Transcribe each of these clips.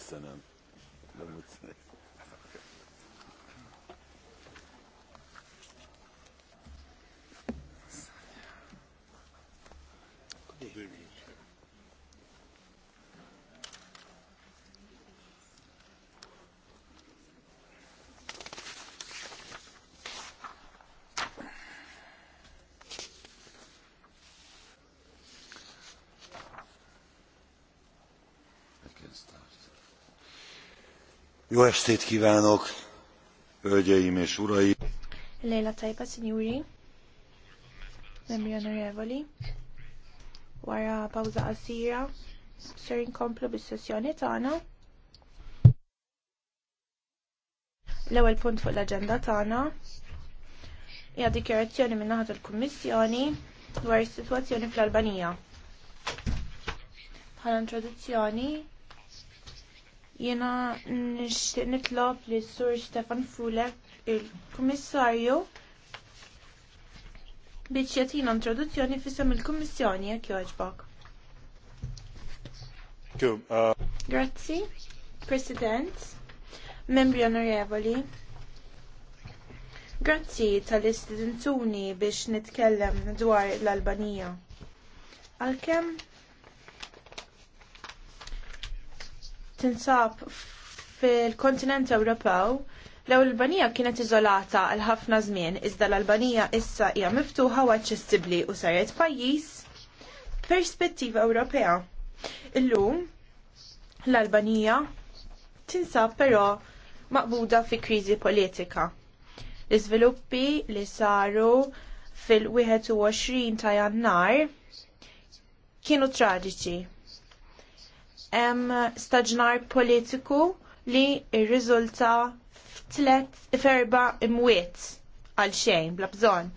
köszönöm. Jó estét kívánok, hölgyeim és uraim! Lejla tajba, signori, membri onorevoli, wara a qasira, ser inkomplu bis-sessjoni tagħna. L-ewwel punt fuq l-aġenda tagħna hija dikjarazzjoni minn naħa tal-Kummissjoni dwar is-sitwazzjoni fl-Albanija. Bħala introduzzjoni, Jena nitlob li sur Stefan Fule, il-Kummissarju, biex jatina introduzzjoni fissam il-Kummissjoni jek joġbok. Uh, Grazzi, President, membri onorevoli, Grazzi tal istituzzjoni biex nitkellem dwar l-Albanija. Għalkemm tinsab fil-kontinent Ewropew Law l-Albanija kienet iżolata għal ħafna żmien, iżda l-Albanija issa hija miftuħa u aċċessibbli u saret pajjiż perspettiva Ewropea. Illum l-Albanija tinsab però maqbuda fi kriżi politika. L-iżviluppi li saru fil-21 ta' jannar kienu traġiċi hemm staġnar politiku li rriżulta f'tlet ferba imwiet għal xejn bla bżonn.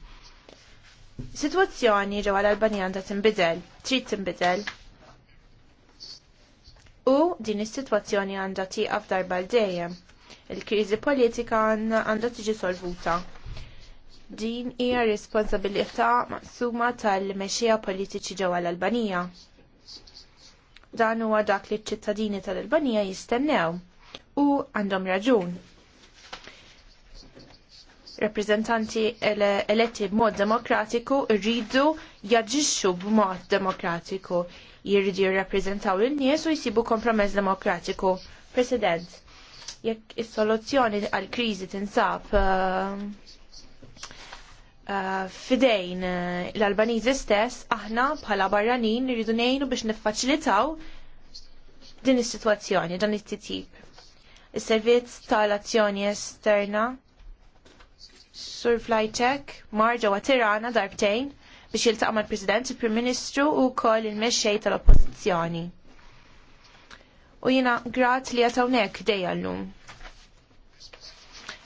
Situazzjoni ġewwa l-Albanija għandha tinbidel, trid tinbidel. U din is-sitwazzjoni għandha tieqa f'darba l dejjem. Il-kriżi politika għandha tiġi solvuta. Din hija responsabilità maqsuma tal-mexxija politiċi ġewwa l-Albanija. Dan huwa dak li ċ-ċittadini tal-Albanija jistennew u għandhom raġun. Rappreżentanti eletti b'mod demokratiku rridu jaġixxu b'mod demokratiku jirridu jirrappreżentaw il nies u jsibu kompromess demokratiku. President, jekk is-soluzzjoni għall kriżi tinsab uh Eh, fidejn eh, l-Albanizi stess, aħna bħala barranin rridu nejnu biex niffaċilitaw din is-sitwazzjoni, dan it-titib. Is-servizz tal-azzjoni esterna Sur Flajtek marġa wa Tirana darbtejn biex jiltaq mal-President, il-Prim Ministru u wkoll il-mexxej tal-Oppożizzjoni. U jina grat li għatawnek dejja l-lum.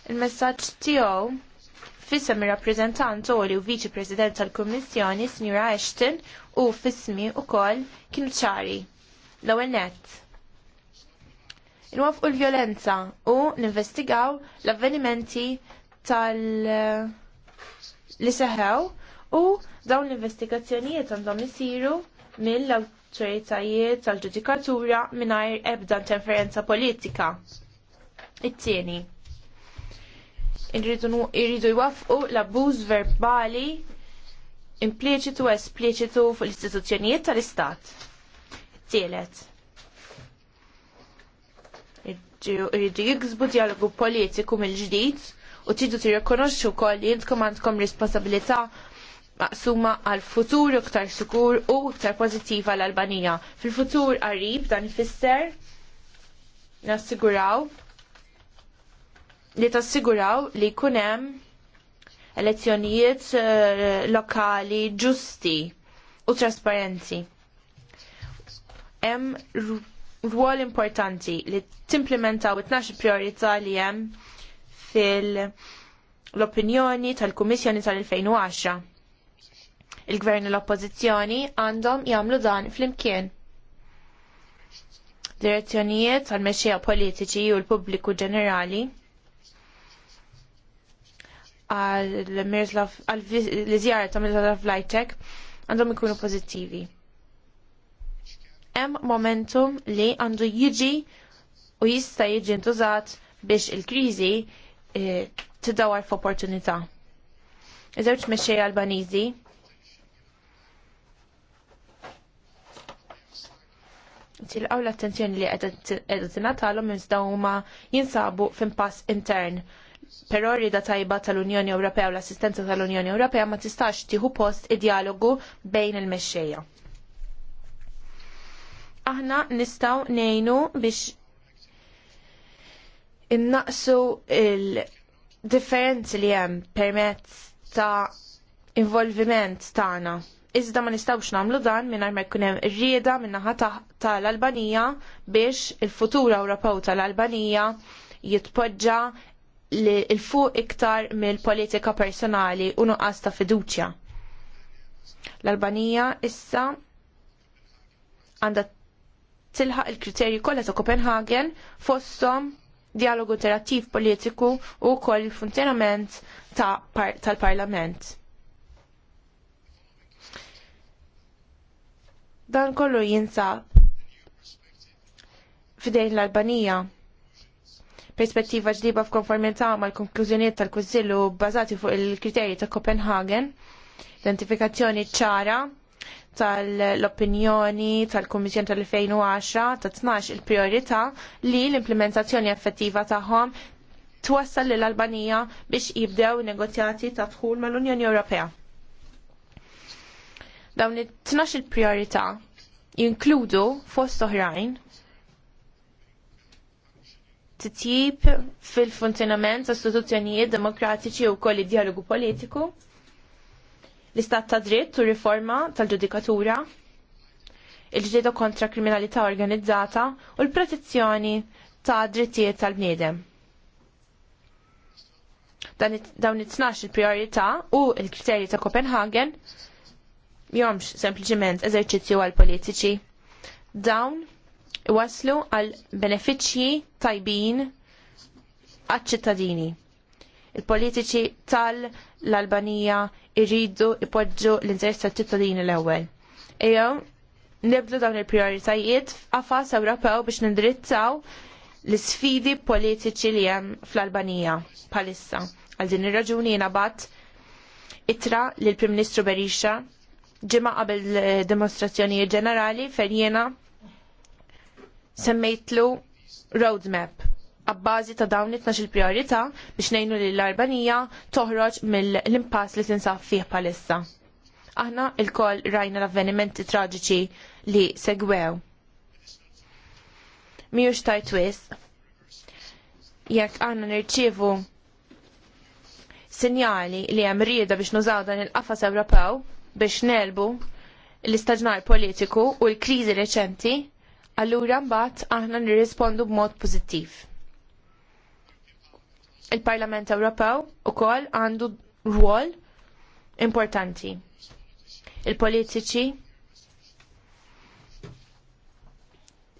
Il-messagġ tiegħu fissem il-rappresentant u viċi president tal-Kommissjoni, Signora Ashton, u fissmi u kol kienu ċari. L-ewel net. u l-violenza u ninvestigaw l-avvenimenti tal- li seħew u dawn l-investigazzjonijiet għandhom isiru mill-awtoritajiet tal-ġudikatura mingħajr ebda interferenza politika. It-tieni irridu jwaffqu l-abbuż verbali impliċitu u espliċitu fuq l-istituzzjonijiet tal-Istat. Tielet. Irridu jiksbu dialogu politiku mill-ġdid u tridu tirrikonoxxu wkoll li jintkom għandkom responsabilità maqsuma għal futur iktar sikur u iktar pożittiva l-Albanija. Fil-futur qarib dan ifisser nassiguraw li tassiguraw li jkun hemm elezzjonijiet eh, lokali ġusti u trasparenti. Hemm rwol importanti li timplementaw it tnax priorità li hemm fil-opinjoni tal-Kummissjoni tal-2010. Il-Gvern u l-Oppożizzjoni għandhom jagħmlu dan flimkien. Direzzjonijiet tal-mexxija politiċi u l-pubbliku ġenerali għal-żjara ta' Miroslav Lajtek għandhom ikunu pozittivi. Hemm momentum li għandu jiġi u jista' jiġi ntużat biex il-kriżi eh, tidawar f'opportunità. Iżewġ mexxej Albaniżi tilqaw l-attenzjoni li qiegħda tingħatalhom iżda huma jinsabu f'impass intern Però rida tajba tal-Unjoni Ewropea u l-assistenza tal-Unjoni Ewropea ma tistax tieħu post id-dialogu bejn il-mexxejja. Aħna nistgħu ngħinu biex innaqsu il-differenzi li hemm permezz ta' involviment tagħna iżda ma nistgħux nagħmlu dan mingħajr ma jkun hemm rieda min-naħa tal-Albanija biex il-futur Ewropew tal-Albanija jitpoġġa li il-fuq iktar mill-politika personali u nuqqas ta' fiduċja. L-Albanija issa għandha tilħaq il-kriterji kollha ta' Copenhagen fosthom dialogu interattiv politiku u wkoll il-funzjonament tal-Parlament. Dan kollu jinsab fidejn l-Albanija perspettiva ġdiba f'konformità mal-konklużjonijiet tal-Kunsillu bbażati fuq il-kriterji ta' Copenhagen, identifikazzjoni ċara tal-opinjoni tal kummissjoni tal-2010 ta' 12 il-priorità li l-implementazzjoni effettiva tagħhom twassal lill albanija biex jibdew negozjati ta' dħul mal-Unjoni Ewropea. Dawn it-12 il-priorità jinkludu fost oħrajn titjib fil-funzjonament ta' istituzzjonijiet demokratiċi u koll dialogu politiku, l-istat ta' dritt u riforma tal-ġudikatura, il-ġdida kontra kriminalità organizzata u l-protezzjoni ta' drittijiet tal-bniedem. Dawn it-tnax il-priorità u il-kriterji ta' Copenhagen jomx sempliciment eżerċizzju għal politiċi. Dawn waslu għal benefiċċji tajbin għal-ċittadini. Il-politiċi tal-Albanija irridu ipoġġu l-interess tal-ċittadini l-ewwel. Ejjew, nibdu dawn il-prioritajiet f'qafas Ewropew biex nindirizzaw l-sfidi politiċi li hemm fl-Albanija bħalissa. Għal din ir-raġuni jiena bat itra lill prim Ministru Berisha ġimgħa qabel demonstrazzjonijiet ġenerali fejn jiena semmejtlu roadmap għabbażi ta' dawn it-tnax il-priorità biex nejnu li l-Arbanija toħroġ mill-impass li tinsab fih palissa. Aħna il-koll rajna l-avvenimenti traġiċi li segwew. Mijux tajt wis, jekk għanna nirċivu sinjali li hemm rieda biex nużaw dan il-qafas Ewropew biex nelbu l-istaġnar politiku u l-kriżi reċenti allura mbagħad aħna nirrispondu b'mod pożittiv. Il-Parlament Ewropew ukoll għandu rwol importanti. Il-politiċi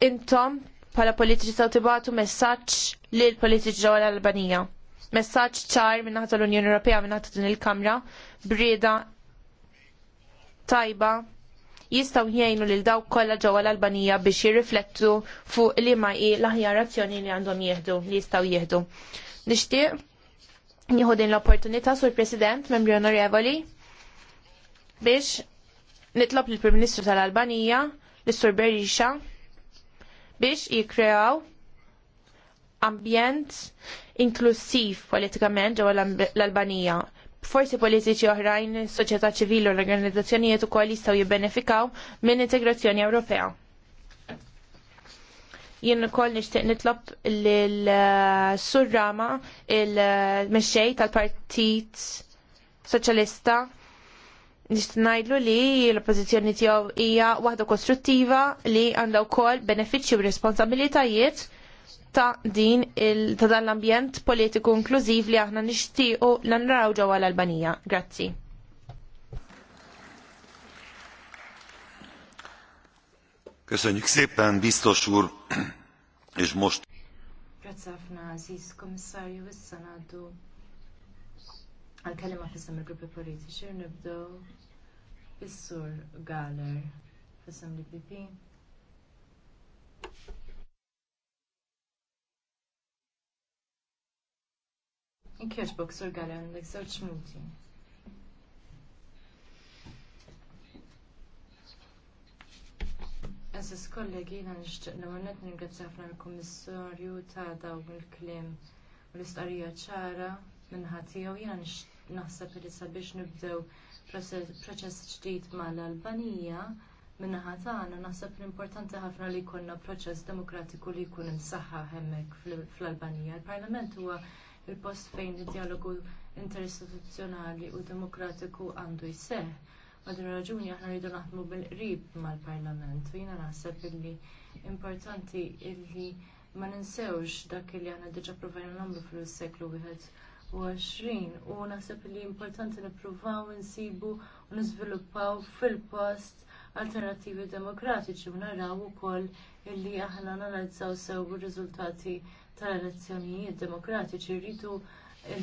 intom bħala politiċi taw tibatu messaġġ lil politiċi ġewwa l-Albanija. Messaġġ ċar minn naħta l-Unjoni Ewropea minn din il-Kamra brieda tajba jistgħu jgħinu lil dawk kollha ġewwa l-Albanija biex jirriflettu fuq li ma hi l-aħjar azzjoni li għandhom jieħdu li jistgħu jieħdu. Nixtieq nieħu din l-opportunità sur President Membri Onorevoli biex nitlob lill prim Ministru tal-Albanija l-Sur Berisha biex jikkreaw ambjent inklusiv politikament ġewwa l-Albanija forsi politiċi oħrajn, soċjetà ċivili u l-organizzazzjonijiet ukoll jistgħu jibbenefikaw minn integrazzjoni Ewropea. Jien ukoll nixtieq nitlob lil eh, Surrama il-mexxej eh, tal-Partit Soċjalista nixtieq ngħidlu li l-oppożizzjoni tiegħu hija waħda kostruttiva li għandha wkoll benefiċċji u responsabilitajiet ta' din il ta' dan l-ambjent politiku inklużiv li aħna nixtiequ l naraw ġewwa l-Albanija. Grazzi. Köszönjük szépen, biztos úr, és most... Grazie Aziz, komissarju, issa ngħaddu għal-kelima fissam il-gruppi politiċi, nibdow bis-sur Galer fissam l-PP. Inkjoġbok, Sur Galen, l żewġ minuti. Eżis kollegi, jina nishtiq li għonet ningrazzja ħafna l-Kummissarju ta' daw il-kliem u l istarija ċara minnħat tiegħu jiena naħseb li sabiex nibdew proċess ġdid mal-Albanija minnaħa tagħna naħseb l-importanti ħafna li jkollna proċess demokratiku li jkun imsaħħa hemmhekk fl-Albanija. Il-Parlament huwa il-post fejn id-dialogu interistituzzjonali u demokratiku għandu jseħħ. Għadin raġuni aħna rridu naħdmu bil-qrib mal-parlament u jiena naħseb illi importanti illi ma ninsewx dak li aħna diġà provajna nagħmlu fil-seklu wieħed 20 u naħseb li importanti nippruvaw insibu u niżviluppaw fil-post alternattivi demokratiċi u naraw ukoll illi aħna analizzaw sew ir-riżultati tal-elezzjonijiet demokratiċi rridu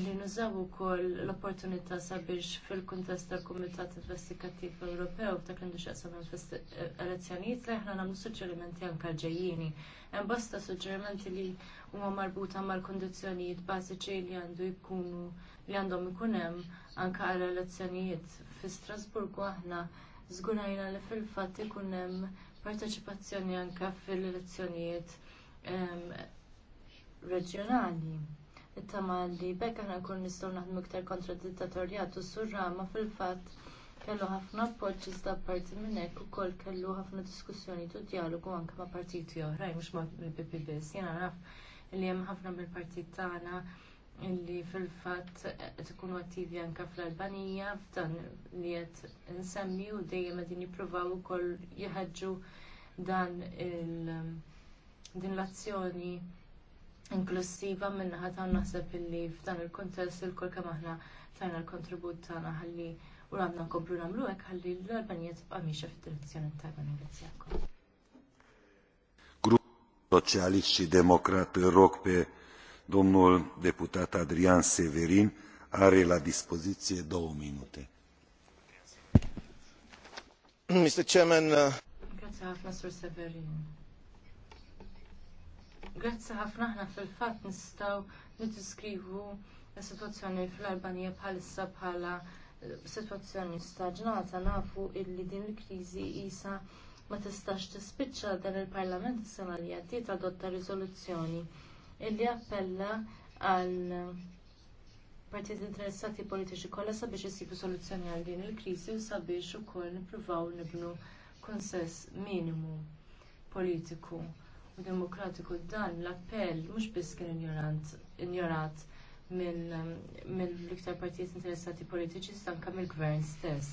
li nużaw ukoll l-opportunità sabiex fil-kuntest tal-Kumitat Investigattiv Ewropew dak li xaqsam elezzjonijiet li aħna nagħmlu suġġerimenti anke ġejjieni. Hemm bosta suġġerimenti li huma marbuta mal-kundizzjonijiet bażiċi li għandu jkunu li għandhom ikun hemm anke għal elezzjonijiet fi Strasburgu aħna żgurajna li fil-fatt ikun hemm parteċipazzjoni anke fil-elezzjonijiet ehm, reġjonali. Ittama li bekk aħna nkun nistgħu naħdmu iktar kontra dittatorjat u surrama fil-fatt kellu ħafna appoġġ iżda parti minn hekk ukoll kellu ħafna diskussjoni u dialogu anke ma' partiti oħrajn mhux ma' bibi biss. Jiena naf li hemm ħafna mill-partit tagħna illi fil-fatt qed ikunu attivi anke fl-Albanija f'dan li qed insemmi u dejjem qegħdin jippruvaw ukoll jeħeġġu dan il din l-azzjoni inklusiva minnaħa ta' naħseb illi f'dan il-kontest il-kol kemm aħna tajna l-kontribut tagħna ħalli u għandna nkomplu nagħmlu hekk ħalli l-Albanija tibqa' miexa fid-direzzjoni tajba ningrazzjakom. Grupp Soċjalisti Demokrat Rokpe domnul deputat Adrian Severin are la dispoziție două minute. Mr. Chairman, uh... Grazie, Sur Severin. Grazzi ħafna ħna fil-fatt nistgħu niddiskrivu s-sitwazzjoni fl-Albanija bħalissa bħala eh, sitwazzjoni staġnata nafu illi din il-kriżi jisa ma tistax tispiċċa dan il-Parlament is-sena li għaddiet adotta riżoluzzjoni illi appella għal partijiet interessati politiċi kollha sabiex jisibu soluzzjoni għal din il-kriżi u sabiex ukoll nippruvaw nibnu konsess minimu politiku u demokratiku dan l-appell mhux biss kien injorat mill-iktar partijiet interessati politiċi stanka mill-gvern stess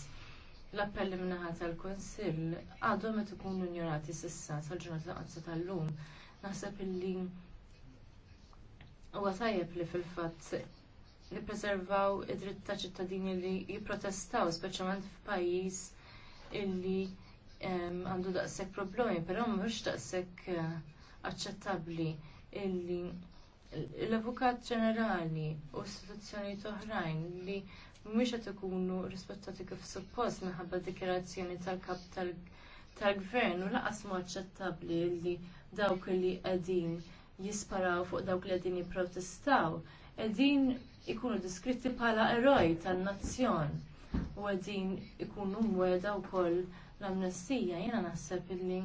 l-appelli min-naħa tal-Konsill għadhom qed ikunu ignorati s'issa sal-ġurnata qazza tal-lum. Naħseb illi huwa tajjeb li fil-fatt nippreservaw id-dritt ta' ċittadini li jipprotestaw, speċjalment f'pajjiż illi għandu daqshekk problemi, però mhux daqsek eh, aċċettabbli illi l-Avukat Ġenerali u istituzzjoni t'oħrajn li mhumiex qed ikunu rispettati kif suppost minħabba dikjerazzjoni tal-kap tal-gvern u laqas mu aċċettabbli li dawk li qegħdin jisparaw fuq dawk li qegħdin jipprotestaw qegħdin ikunu diskritti bħala eroj tan-nazzjon u qegħdin ikunu mweda wkoll l-amnestija, jiena naħseb illi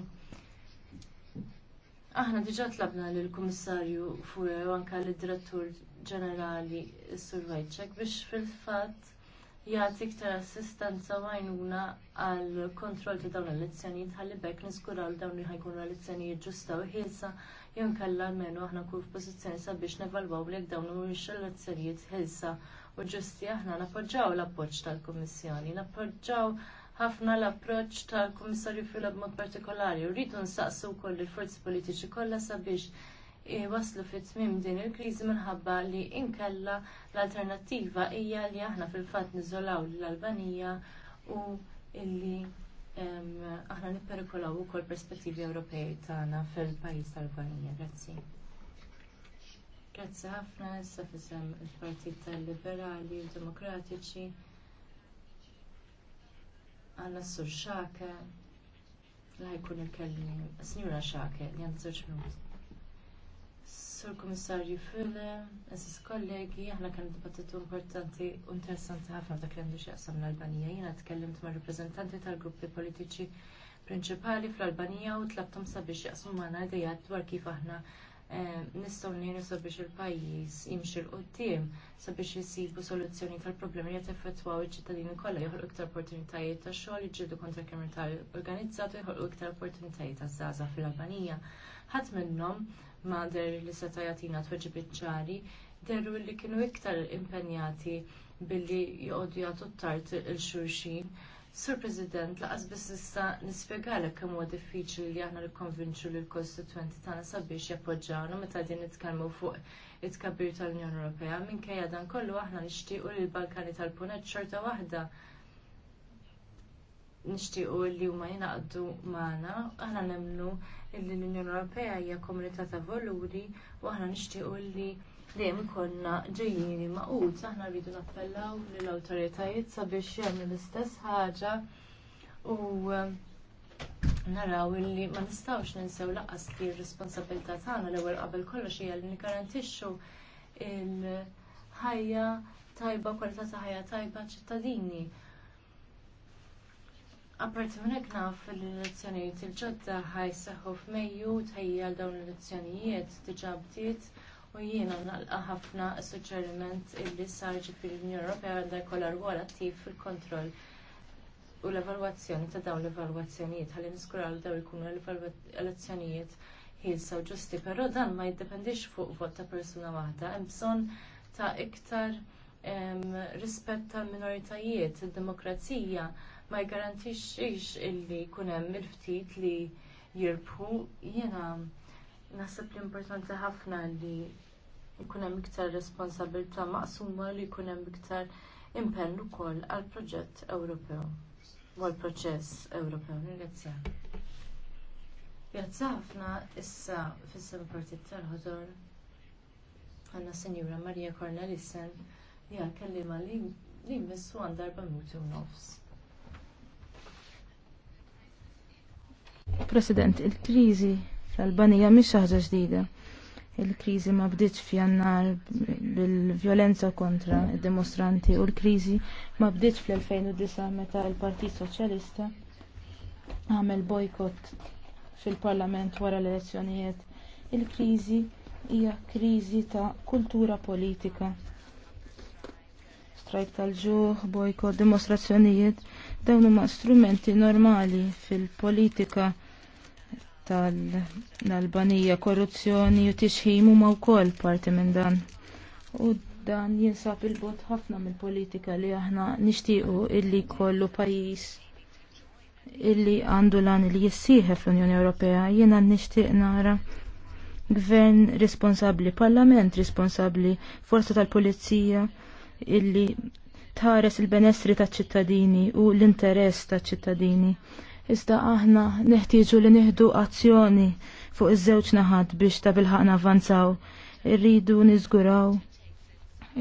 aħna diġà tlabna lill kummissarju fuq u anke l direttur ġenerali Sur Wajċek biex fil-fatt jagħti iktar assistenza u għajnuna għal kontroll ta' dawn l-elezzjonijiet għalli bekk niskuraw li dawn li ħajkunu elezzjonijiet ġusta u ħilsa jew nkella almenu aħna nkunu f'pożizzjoni sabiex nevalwaw li dawn mhumiex elezzjonijiet ħilsa u ġusti aħna nappoġġaw l-appoġġ tal-Kummissjoni, nappoġġaw ħafna l-approċ tal-Komissarju Fila b'mod partikolari. Rritu nsaqsu wkoll il-forzi politiċi kollha sabiex eh, waslu fit tmiem din il-kriżi minħabba li inkella l-alternattiva hija li aħna fil-fatt niżolaw l-Albanija u illi aħna nipperikolaw ukoll perspettivi Ewropej tagħna fil-pajjiż tal-Albanija. Grazzi. Grazzi ħafna s fisem il-Partit tal-Liberali u Demokratiċi għanna s-sur xake, la jkun il-kellim, s-njura xake, li għand s-sur minuti. Sur Komissarju Fülle, eżis kollegi, aħna kien dibattitu importanti u interessanti ħafna dak li għandu xieqsam l-Albanija. Jena tkellimt ma' rappresentanti tal-gruppi politiċi prinċipali fl-Albanija u tlabtom sabiex jaqsmu ma' idejat dwar kif aħna Eh, nistgħu ngħinu sabiex il-pajjiż jimxi l qudiem sabiex isibu soluzzjoni tal-problemi li qed effettwaw iċ-ċittadini kollha joħolqu iktar opportunitajiet ta' xogħol jiġġieldu kontra organizzat u joħolqu iktar opportunitajiet ta' żgħażagħ fil-Albanija. Ħadd minnhom mader li seta' jagħtina iċ ċari deru li kienu iktar impenjati billi jgħodu jagħtu t-tard il-xulxin Sur President, laqas biss issa nispjegalek kemm huwa diffiċli li aħna nikkonvinċu lill kostituenti tagħna sabiex jappoġġawna meta din nitkellmu fuq it-tkabbir tal-Unjoni Ewropea. Minkejja dan kollu aħna nixtiequ li l-Balkani tal punet xorta waħda nixtiequ li huma jingħaqdu magħna, aħna nemmnu li l-Unjoni Ewropea hija komunità ta' voluri u aħna nixtiequ li kliem konna ġejjini maqut, aħna rridu nappellaw lill awtoritajiet sabiex jemmi l-istess ħaġa u um, naraw illi ma nistgħux ninsew laqqas li r-responsabilità tagħna l-ewwel qabel kollox hija li nikkarantixxu l ħajja tajba, kwalità ta' ħajja tajba ċittadini. Apparti minn hekk naf l-elezzjonijiet il-ġodda ħajseħħu f'Mejju tħejja dawn l-elezzjonijiet diġà bdiet U jiena nalqa ħafna suġġeriment illi sar ġifieri l-Unjoni Ewropea għandha jkollha rwol attiv fil-kontroll u l-evalwazzjoni ta' dawn l-evalwazzjonijiet ħalli niskuraw dawn ikunu l-elezzjonijiet ħilsa u ġusti, però dan ma jiddependix fuq vot ta' persuna waħda, hemm bżonn ta' iktar rispett tal-minoritajiet, id-demokrazija ma jgarantixx illi jkun hemm il-ftit li jirbħu jiena naħseb li importanti ħafna li jkun hemm iktar responsabilità maqsuma li jkun hemm iktar impenn ukoll għall proġett Ewropew u għall proċess Ewropew. Ringrazzjak. Grazzi ħafna issa fis-sem partit tal-ħodor għandna Sinjura Marija Cornelissen li għal kellima li jmissu għal darba nofs. President, il-kriżi fl-Albanija mhix ħaġa ġdida Il-kriżi ma bdietx f'jannar bil-vjolenza kontra id-dimostranti u l-kriżi ma bdietx fl-2009 meta l-Partit Soċjalista għamel bojkott fil-Parlament wara l-elezzjonijiet. Il-kriżi hija kriżi ta' kultura politika. Strajk tal-ġuħ, bojkott, dimostrazzjonijiet, dawn huma strumenti normali fil-politika tal-Albanija, korruzzjoni u tixħim huma wkoll parti minn dan. U dan jinsab il-bot ħafna mill-politika li aħna nixtiequ illi kollu pajjiż illi għandu lan li jissieħe fl-Unjoni Ewropea jiena nishtiq nara gvern responsabbli, parlament responsabbli, forza tal-pulizija illi tħares il-benessri taċ ċittadini u l-interess taċ ċittadini Iżda aħna neħtieġu li nieħdu azzjoni fuq iż-żewġ naħat biex ta' bilħaqna avanzaw. Irridu niżguraw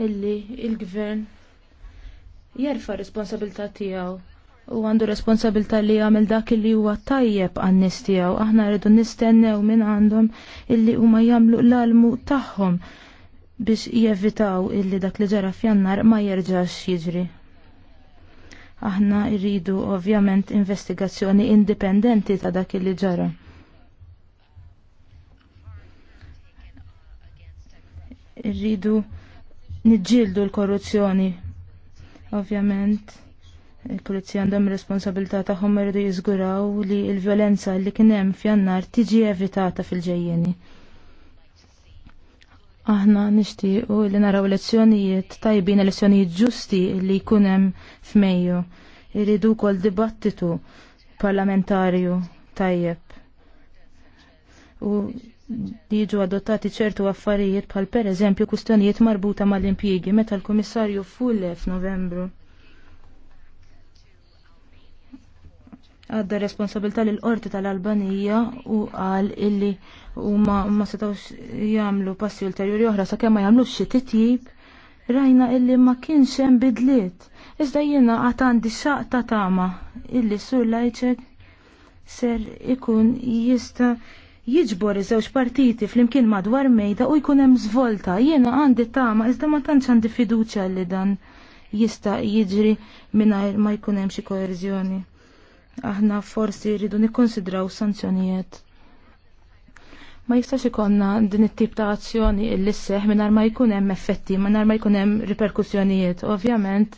illi il-gvern jerfa responsabilità tiegħu u għandu responsabilità li jagħmel dak li huwa tajjeb għan-nies tiegħu. Aħna rridu nistennew minn għandhom illi huma jagħmlu l-almu tagħhom biex jevitaw illi dak li ġara f'jannar ma jerġax jiġri. Aħna rridu ovvjament investigazzjoni indipendenti ta' dak li ġara. Irridu niġġieldu l-korruzzjoni. Ovvjament, il-pulizija għandhom responsabilità tagħhom irridu jiżguraw li l-vjolenza li kien hemm f'jannar tiġi evitata fil-ġejjeni. Aħna nixtiequ li naraw lezzjonijiet tajbin lezzjonijiet ġusti li jkun hemm f'Mejju. Iridu wkoll dibattitu parlamentarju tajjeb. U jiġu adottati ċertu affarijiet bħal pereżempju kwistjonijiet marbuta mal-impjiegi meta l-Kummissarju Fulle f'Novembru għadda responsabilità l qorti tal-Albanija u qal illi u ma, ma setawx jamlu passi ulterjuri oħra sa kemma ma jamlux xi titjib rajna illi ma kienx hemm bidliet. Iżda jiena għad għandi xaq ta' tama illi sur lajċek ser ikun jista' jiġbor iż-żewġ partiti flimkien madwar mejda u jkun hemm żvolta. Jiena għandi tama iżda ma tantx għandi fiduċja li dan jista' jiġri mingħajr ma jkun hemm xi koerżjoni aħna forsi rridu nikkonsidraw sanzjonijiet. Ma jistax ikonna din it-tip ta' azzjoni l seħ minn ma jkun hemm effetti, minn ma jkun hemm riperkussjonijiet. Ovvjament,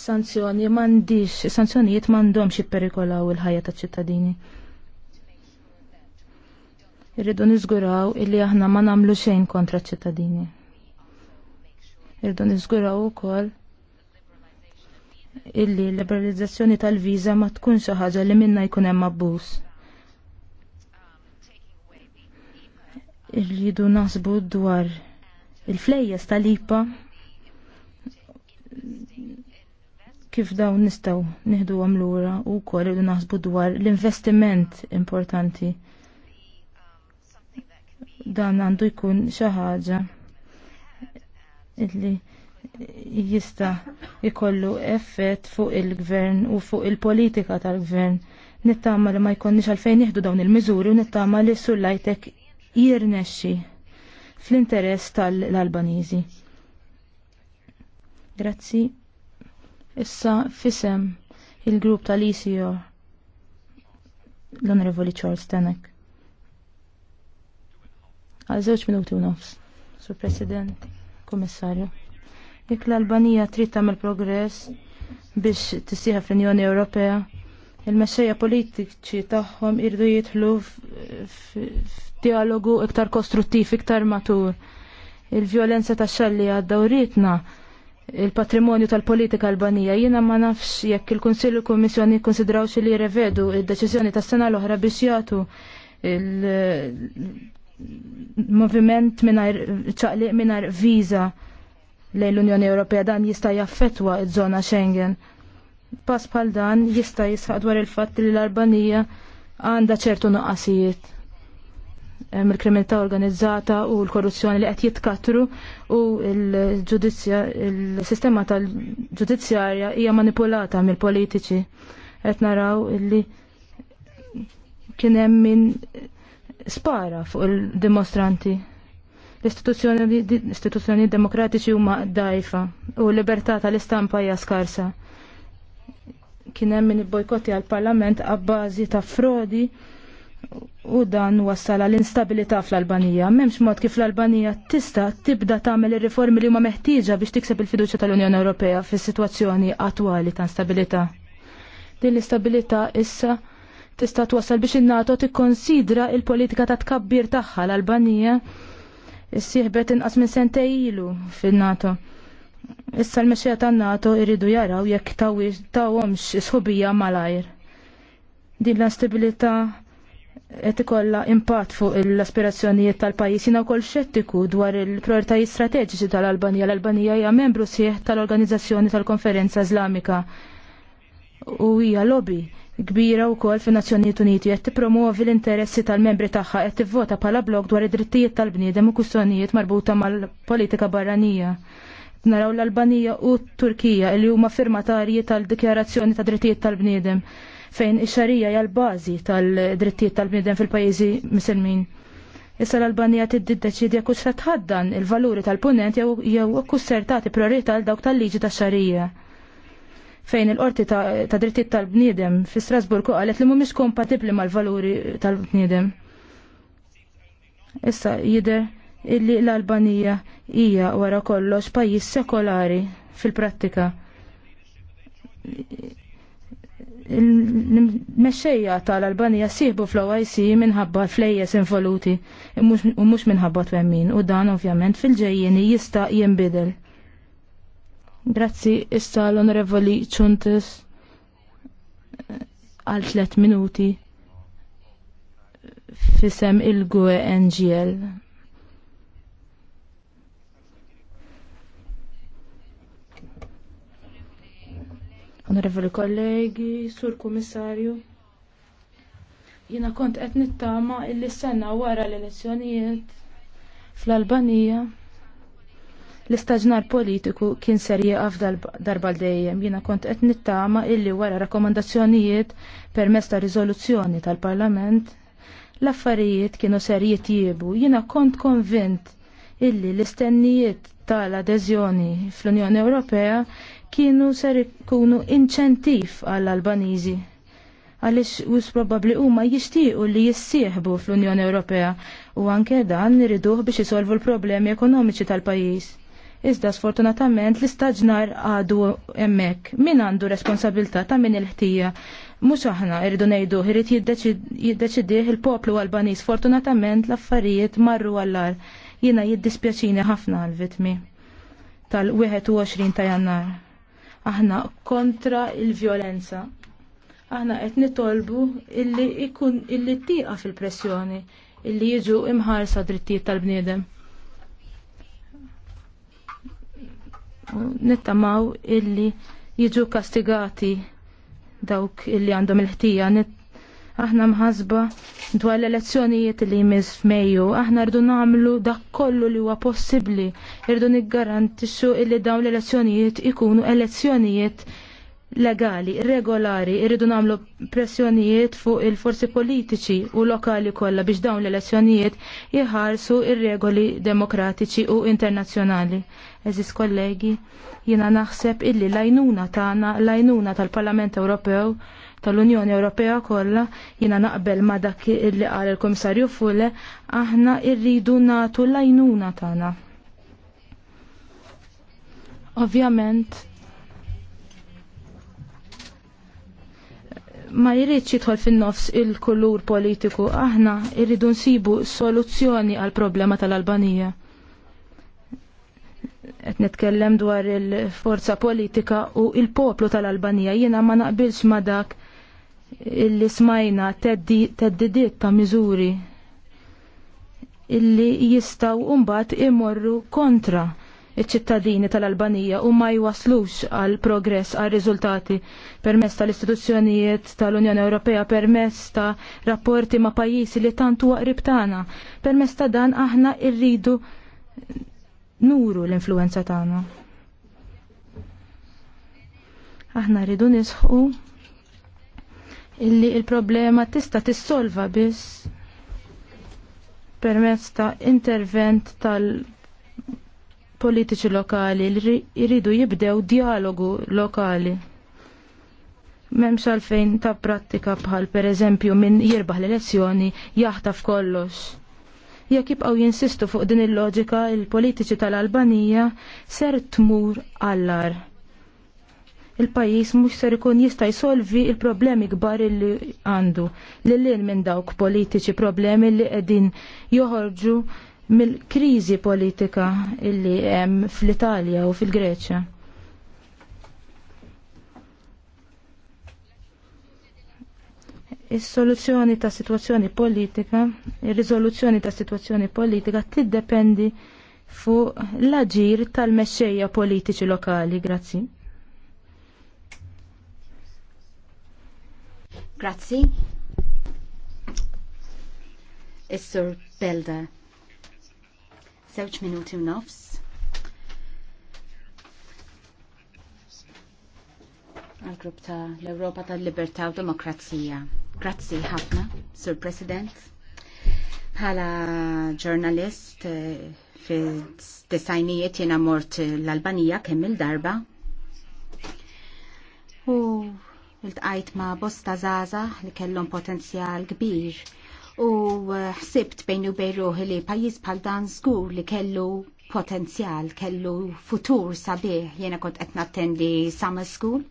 sanzjoni m'għandix, sanzjonijiet m'għandhomx perikolaw il-ħajja taċ ċittadini. Irridu niżguraw illi aħna ma nagħmlu xejn kontra ċ ċittadini. Irridu niżguraw ukoll illi l-liberalizzazzjoni tal-viża ma tkun xi ħaġa li minna jkun hemm abbuż. Irridu naħsbu dwar il-flejjes tal-IPA kif dawn nistaw nieħdu għam lura u kol irridu naħsbu dwar l-investiment importanti. Dan għandu jkun xi ħaġa illi jista' ikollu effett fuq il-gvern u fuq il-politika tal-gvern. Nittama li ma jkonniex għalfejn jihdu dawn il-miżuri u nittama li sullajtek jirnexxi fl-interess tal-Albaniżi. Grazzi. Issa fisem il-grupp tal-ICO l-Onorevoli Charles Tenek. Għal żewġ minuti u nofs, Sur President, Kommissarju. Jekk l-Albanija trid tagħmel progress biex tissieħa fl-Unjoni Ewropea, il-mexxejja politiċi tagħhom irdu jidħlu f'dialogu iktar kostruttiv, iktar matur. Il-vjolenza tax-xalli għadda uritna il-patrimonju tal-politika Albanija. Jiena ma nafx jekk il-Kunsill u Kummissjoni konsidraw li revedu id-deċiżjoni tas-sena l-oħra biex jagħtu il-moviment minar ċaqliq mingħajr viża lejn l-Unjoni Ewropea dan jista' jaffettwa ż-żona Schengen. Pass bħal dan jista' jisħaq dwar il-fatt li l arbanija għandha ċertu nuqqasijiet. Hemm il-kriminalità organizzata u l-korruzzjoni li qed jitkatru u l-ġudizzja il-sistema tal-ġudizzjarja hija manipulata mill-politiċi. Qed naraw illi kien hemm min spara fuq il-dimostranti. L-istituzzjoni demokratiċi huma dajfa u l-libertà tal-istampa hija skarsa. Kien hemm min ibbojkotti għall-Parlament għabbażi ta' frodi u dan wassal l instabilità fl-Albanija. M'hemmx mod kif l-Albanija tista' tibda tagħmel ir-riformi li huma meħtieġa biex tikseb il-fiduċja tal-Unjoni Ewropea fis-sitwazzjoni attwali ta' instabilità. Din l-istabilità issa tista' twassal biex in-NATO tikkonsidra l politika ta' tkabbir tagħha l-Albanija Is-sieħbet inqas minn sentej ilu fin-NATO. Issa l-mexxija tan-NATO jridu jaraw jekk tawhomx sħubija malajr. Din l-instabilità qed ikollha impatt fuq l-aspirazzjonijiet tal-pajjiż jiena wkoll xettiku dwar il-prioritajiet strateġiċi tal-Albanija. L-Albanija hija membru sieħ tal-Organizzazzjoni tal-Konferenza Iżlamika u hija lobby kbira wkoll fin-Nazzjonijiet Uniti qed promuovi l-interessi tal-membri tagħha qed tivvota bħala blog dwar id-drittijiet tal-bniedem u kwistjonijiet marbuta mal-politika barranija. Naraw l-Albanija u t-Turkija li huma firmatarji tal-Dikjarazzjoni ta' Drittijiet tal-Bniedem fejn ix-xarija hija l-bażi tal-drittijiet tal-bniedem fil-pajjiżi misilmin. Issa l-Albanija tiddeċidi jekk hux tħaddan il-valuri tal-punent jew jew akkus ser l-dawk priorità għal dawk tal-liġi tax-xarija fejn il-qorti ta' drittijiet tal-bniedem fi Strasburgu qalet li mhumiex kompatibbli mal-valuri tal-bniedem. Issa jidher illi l-Albanija hija wara kollox pajjiż sekolari fil-prattika. Il-mexxejja tal-Albanija siħbu fl-OIC minħabba flejjes involuti u mhux minħabba twemmin u dan ovvjament fil-ġejjeni jista' jinbidel. Grazzi issa l-Onorevoli Ċuntis għal tliet minuti fisem il-GUE NGL. Onorevoli kollegi, sur komissarju, Jina kont qed nittama illi sena wara l-elezzjonijiet fl-Albanija l-istaġnar politiku kien ser jieqaf darba dejjem. Jiena kont qed nittama illi wara rakkomandazzjonijiet permezz ta' rizoluzzjoni tal-Parlament l-affarijiet kienu ser jitjiebu. Jiena kont konvint illi l-istennijiet tal-adeżjoni fl-Unjoni Ewropea kienu ser ikunu inċentiv għall-Albaniżi għalix wis probabli huma jixtiequ li jissieħbu fl-Unjoni Ewropea u anke dan niriduh biex isolvu l-problemi ekonomiċi tal-pajjiż. Iżda sfortunatament l-istaġnar għadu emmek. Min għandu responsabilta ta' min il-ħtija? Mux aħna irridu nejdu, irrit jiddeċidih il-poplu Albaniż. Sfortunatament l-affarijiet marru għallar. Jina jiddispjaċini ħafna għal-vitmi tal-21 ta' jannar. Aħna kontra il-violenza. Aħna qed nitolbu illi ikun illi tieqa fil-pressjoni illi jiġu imħarsa drittijiet tal-bniedem. nittamaw illi jiġu kastigati dawk illi għandhom il-ħtija. Aħna mħasba dwar l-elezzjonijiet li jmiss f'Mejju, aħna rridu nagħmlu dak kollu li huwa possibbli, rridu niggarantixxu illi dawn l-elezzjonijiet ikunu elezzjonijiet legali, regolari, irridu namlu pressjonijiet fuq il-forzi politiċi u lokali kollha biex dawn l-elezzjonijiet jħarsu ir-regoli demokratiċi u internazzjonali. Eżis kollegi, jina naħseb illi lajnuna tagħna, lajnuna tal-Parlament Ewropew, tal-Unjoni Ewropea kollha, jina naqbel ma dak illi qal il-Komissarju Fule, aħna irridu natu lajnuna tagħna. Ovvjament, ma jridx jidħol fin-nofs il-kulur politiku, aħna irridu nsibu soluzzjoni għal problema tal-Albanija. Qed nitkellem dwar il-forza politika u il-poplu tal-Albanija jiena ma naqbilx ma dak illi smajna teddidiet ta' miżuri illi jistaw umbat imorru kontra iċ-ċittadini tal-Albanija u ma jwaslux għal progress għal riżultati permess tal-istituzzjonijiet tal-Unjoni Ewropea permess ta' rapporti ma' pajjiżi li tantu waqrib tagħna. Permess ta' dan aħna rridu nuru l-influenza tagħna. Aħna rridu nisħu illi il-problema tista' tissolva biss permezz ta' intervent tal- politiċi lokali li jridu jibdew dialogu lokali. Memx għalfejn ta' prattika bħal per eżempju minn jirbaħ l-elezzjoni jaħtaf kollox. Jekk jibqgħu jinsistu fuq din il-loġika il-politiċi tal-Albanija ser tmur għallar. Il-pajis mhux ser ikun jista' jsolvi il-problemi kbar li għandu. Lil minn dawk politiċi problemi li qegħdin joħorġu mill-kriżi politika illi hemm fl-Italja u fil-Greċja. Is-soluzzjoni ta' situazzjoni politika, ir-riżoluzzjoni ta' situazzjoni politika tiddependi fuq l-aġir tal-mexxejja politiċi lokali. Grazzi. Grazzi. Is-Sur Belda. Żewġ minuti u nofs. Għal-grupp ta' l-Europa tal-Libertà u Demokrazija. Grazzi ħafna, Sur President. Bħala ġurnalist eh, fi desajnijiet jena mort l-Albanija kemm il-darba. U l-tqajt ma' bosta zaza li kellhom potenzjal kbir u eh, ħsibt bejn u bejn li pajjiż bħal dan żgur li kellu potenzjal, kellu futur sabiħ. Jena kont qed nattendi summer school.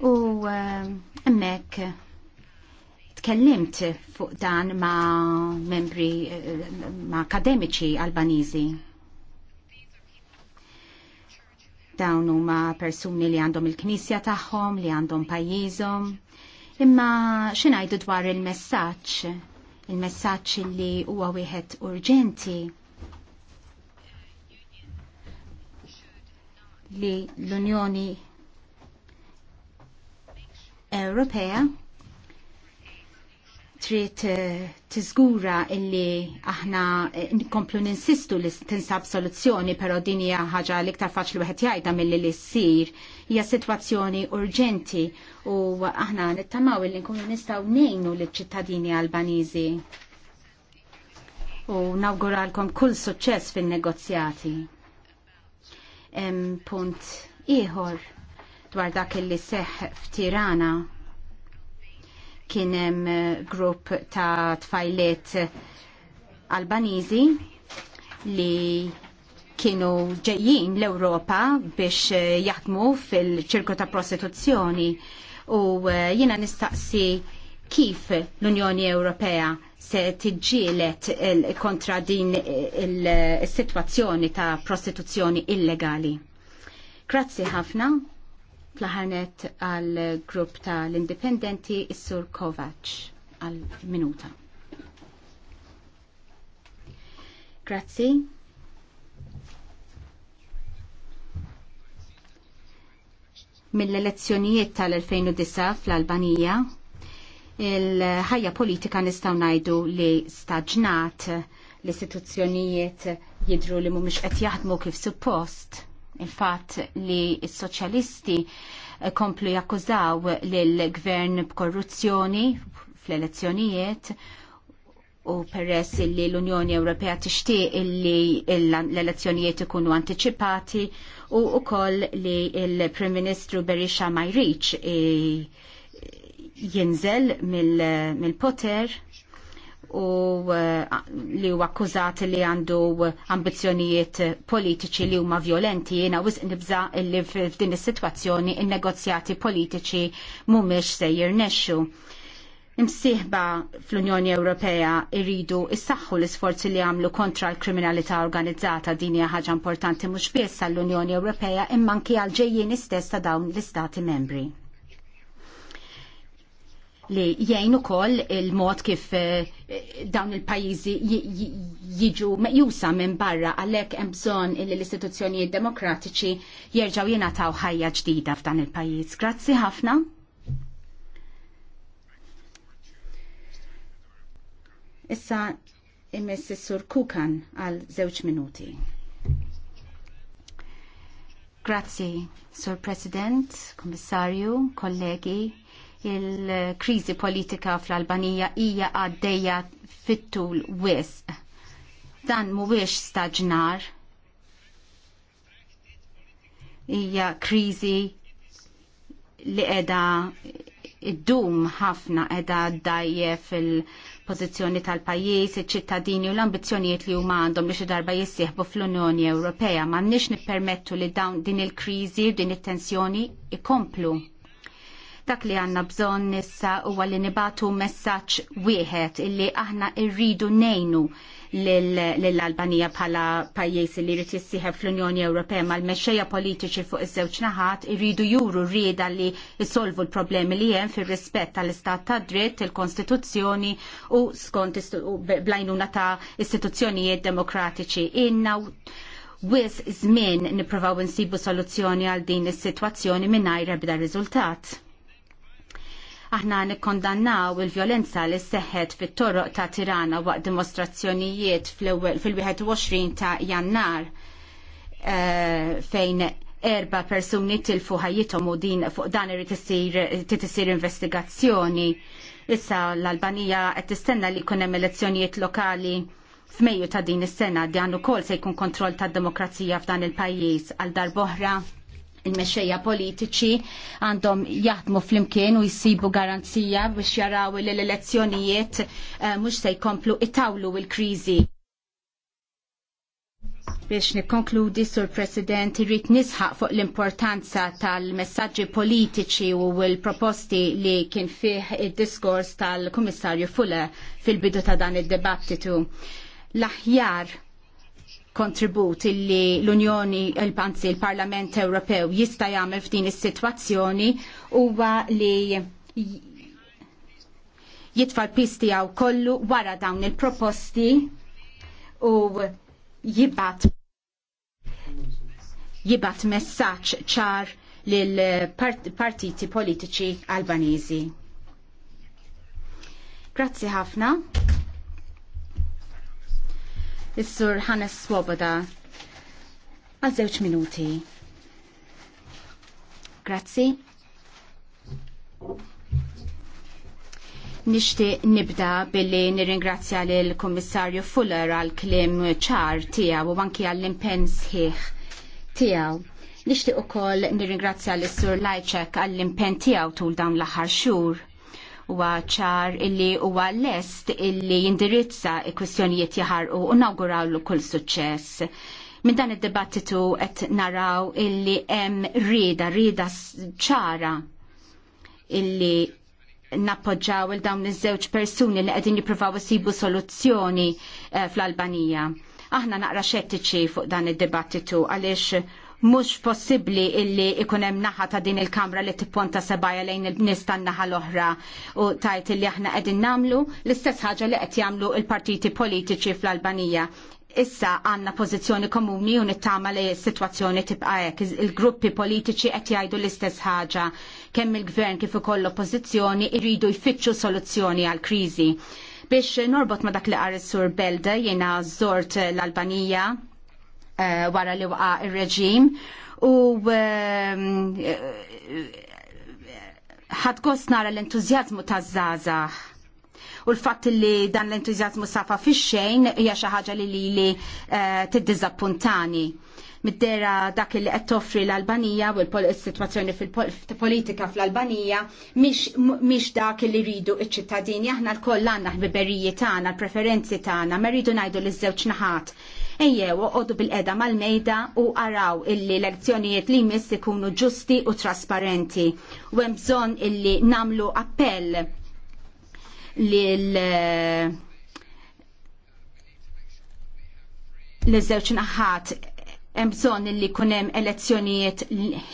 U eh, hemmhekk tkellimt fuq dan ma' membri eh, ma' akademiċi Albaniżi. Dawn huma persuni li għandhom il-knisja tagħhom, li għandhom pajjiżhom Imma xinajdu dwar il-messaċ, il-messaċ li huwa wieħed urġenti li l-Unjoni Ewropea trid eh, tiżgura illi aħna eh, nkomplu ninsistu li tinsab soluzzjoni, però din hija ħaġa li iktar faċli wieħed jgħidha milli li ssir hija sitwazzjoni urġenti u aħna nittamaw illi nkunu nistgħu ngħinu liċ-ċittadini Albaniżi. U nawguralkom kull suċċess fin-negozjati. Punt ieħor dwar dak illi seħħ f'Tirana Kien hemm eh, grupp ta' tfajliet eh, Albaniżi li kienu ġejjin l-Ewropa biex eh, jaħdmu fil-ċirku ta' prostituzzjoni u jiena nistaqsi kif l-Unjoni Ewropea se tiġġielet kontra din il-situazzjoni ta' prostituzzjoni illegali. Grazzi ħafna. Flaħanet għal grupp tal-Indipendenti Issur Kovac għal minuta. Grazzi. Mill-elezzjonijiet tal-2009 fl-Albanija, il-ħajja politika nistaw najdu li staġnat l-istituzzjonijiet jidru li mumiex qed jaħdmu kif suppost il-fatt li s-soċjalisti komplu jakkużaw l-gvern b'korruzzjoni fl-elezzjonijiet u peress li l-Unjoni Ewropea tixtieq li l-elezzjonijiet ikunu antiċipati u wkoll li l-Prim Ministru Berisha ma jriċ jinżel mill-poter u eh, li huwa akkużat li għandu ambizzjonijiet politiċi li huma violenti jiena wisq nibża li f'din is-sitwazzjoni in-negozjati politiċi mhumiex se jirnexxu. Imsieħba fl-Unjoni Ewropea irridu issaħħu l-isforzi li għamlu kontra l-kriminalità organizzata din hija ħaġa importanti mhux biss għall-Unjoni Ewropea imma anki għal ġejjin istess ta' dawn l-Istati membri li jgħin ukoll il-mod kif eh, dawn il-pajjiżi jiġu meqjusa minn barra għalhekk hemm bżonn istituzzjoni demokratiċi istituzzjonijiet demokratiċi jerġgħu jingħataw ħajja ġdida f'dan il-pajjiż. Grazzi ħafna. Issa imess sur Kukan għal żewġ minuti. Grazzi, Sur President, Kommissarju, kollegi, il-krizi politika fl-Albanija hija għaddejja fit-tul wisq. Dan mhuwiex staġnar. Hija krizi li qiegħda id-dum ħafna qiegħda ddajje fil-pożizzjoni tal-pajjiż, iċ-ċittadini u l-ambizzjonijiet li huma għandhom biex darba jissieħbu fl-Unjoni Ewropea m'għandniex nippermettu li dawn din il-kriżi u din it-tensjoni ikomplu. Il Dak li għanna bżon nissa huwa li nibatu messaċ wieħed illi aħna irridu nejnu l-Albanija bħala pajjiż li jrid jissieħeb fl-Unjoni Ewropea mal-mexxejja politiċi fuq iż-żewġ naħat irridu juru rieda li jsolvu l-problemi li hemm fir-rispett tal-istat ta' dritt, il-Kostituzzjoni u skont blajnuna ta' istituzzjonijiet demokratiċi. Inna wis żmien nippruvaw insibu soluzzjoni għal din is-sitwazzjoni mingħajr ebda riżultat Aħna nikkondannaw il-vjolenza li seħħet fit toroq ta' Tirana waqt dimostrazzjonijiet fil-21 ta' jannar eh, fejn erba' persuni tilfu ħajjithom u din fuq dan irid tisir investigazzjoni. Issa l-Albanija qed tistenna li jkun hemm elezzjonijiet lokali f'Mejju ta' din is-sena dan ukoll se jkun kontroll tad-demokrazija f'dan il-pajjiż għal darboħra il-mexxejja politiċi għandhom jaħdmu flimkien u jsibu garanzija biex jaraw li l-elezzjonijiet eh, mhux se jkomplu itawlu il-kriżi. Biex nikkonkludi sur President irrid nisħaq fuq l-importanza tal-messaġġi politiċi u l-proposti li kien fih id-diskors tal-Kummissarju Fuller fil-bidu ta' dan id-dibattitu. L-aħjar kontribut illi l-Unjoni, il-Panzi, il-Parlament Ewropew jista jagħmel f'din is-sitwazzjoni huwa li jitfa l-pis tiegħu kollu wara dawn il-proposti u jibat jibat messaġġ ċar lil partiti politiċi Albaniżi. Grazzi ħafna. Is-Sur Hannes Swoboda. Għal żewġ minuti. Grazzi. Nishtiq nibda billi nirringrazzja lil kummissarju Fuller għal klim ċar tiegħu u anki għall impenn sħiħ tiegħu. Nixtieq ukoll nirringrazzja lis sur Lajċek għall impenn tiegħu tul dawn l-aħħar xhur huwa ċar illi huwa lest illi jindirizza kwistjonijiet jaħarqu u nawgurawlu kull suċċess. Min dan id-dibattitu qed naraw illi hemm rida, rida ċara illi nappoġġaw il dawn iż-żewġ persuni li qegħdin jippruvaw isibu soluzzjoni eh, fl-Albanija. Aħna naqra xettiċi fuq dan id-dibattitu għaliex mhux possibbli illi ikun hemm naħa ta' din il-kamra li tipponta sebaja lejn il-nies tan-naħa l-oħra u tajt illi aħna qegħdin nagħmlu l-istess ħaġa li qed jagħmlu l partiti politiċi fl-Albanija. Issa għandna pożizzjoni komuni u nittama li s-sitwazzjoni tibqa hekk. Il-gruppi politiċi qed jgħidu l-istess ħaġa kemm il-gvern kif ukoll l-oppożizzjoni jridu jfittxu soluzzjoni għall-kriżi biex norbot ma dak li qari sur Belda jiena żort l-Albanija Eh, wara li waqa il-reġim u ehm, ħadgost nara l-entuzjazmu ta' zaza u l-fatt li dan l-entuzjazmu safa fix xejn hija xi ħaġa li li li eh, tiddiżappuntani middera dak li qed toffri l-Albanija u l-sitwazzjoni fil-politika fl-Albanija mhix dak li rridu iċ-ċittadini aħna l-koll għandna ħbiberijiet tagħna, l-preferenzi tagħna, ma rridu ngħidu li żewġ naħat ejjew għodu bil-qeda mal-mejda u araw illi elezzjonijiet li jmiss ikunu ġusti u trasparenti. U hemm bżonn illi namlu appell lil l-żewġ naħat hemm bżonn illi jkun hemm elezzjonijiet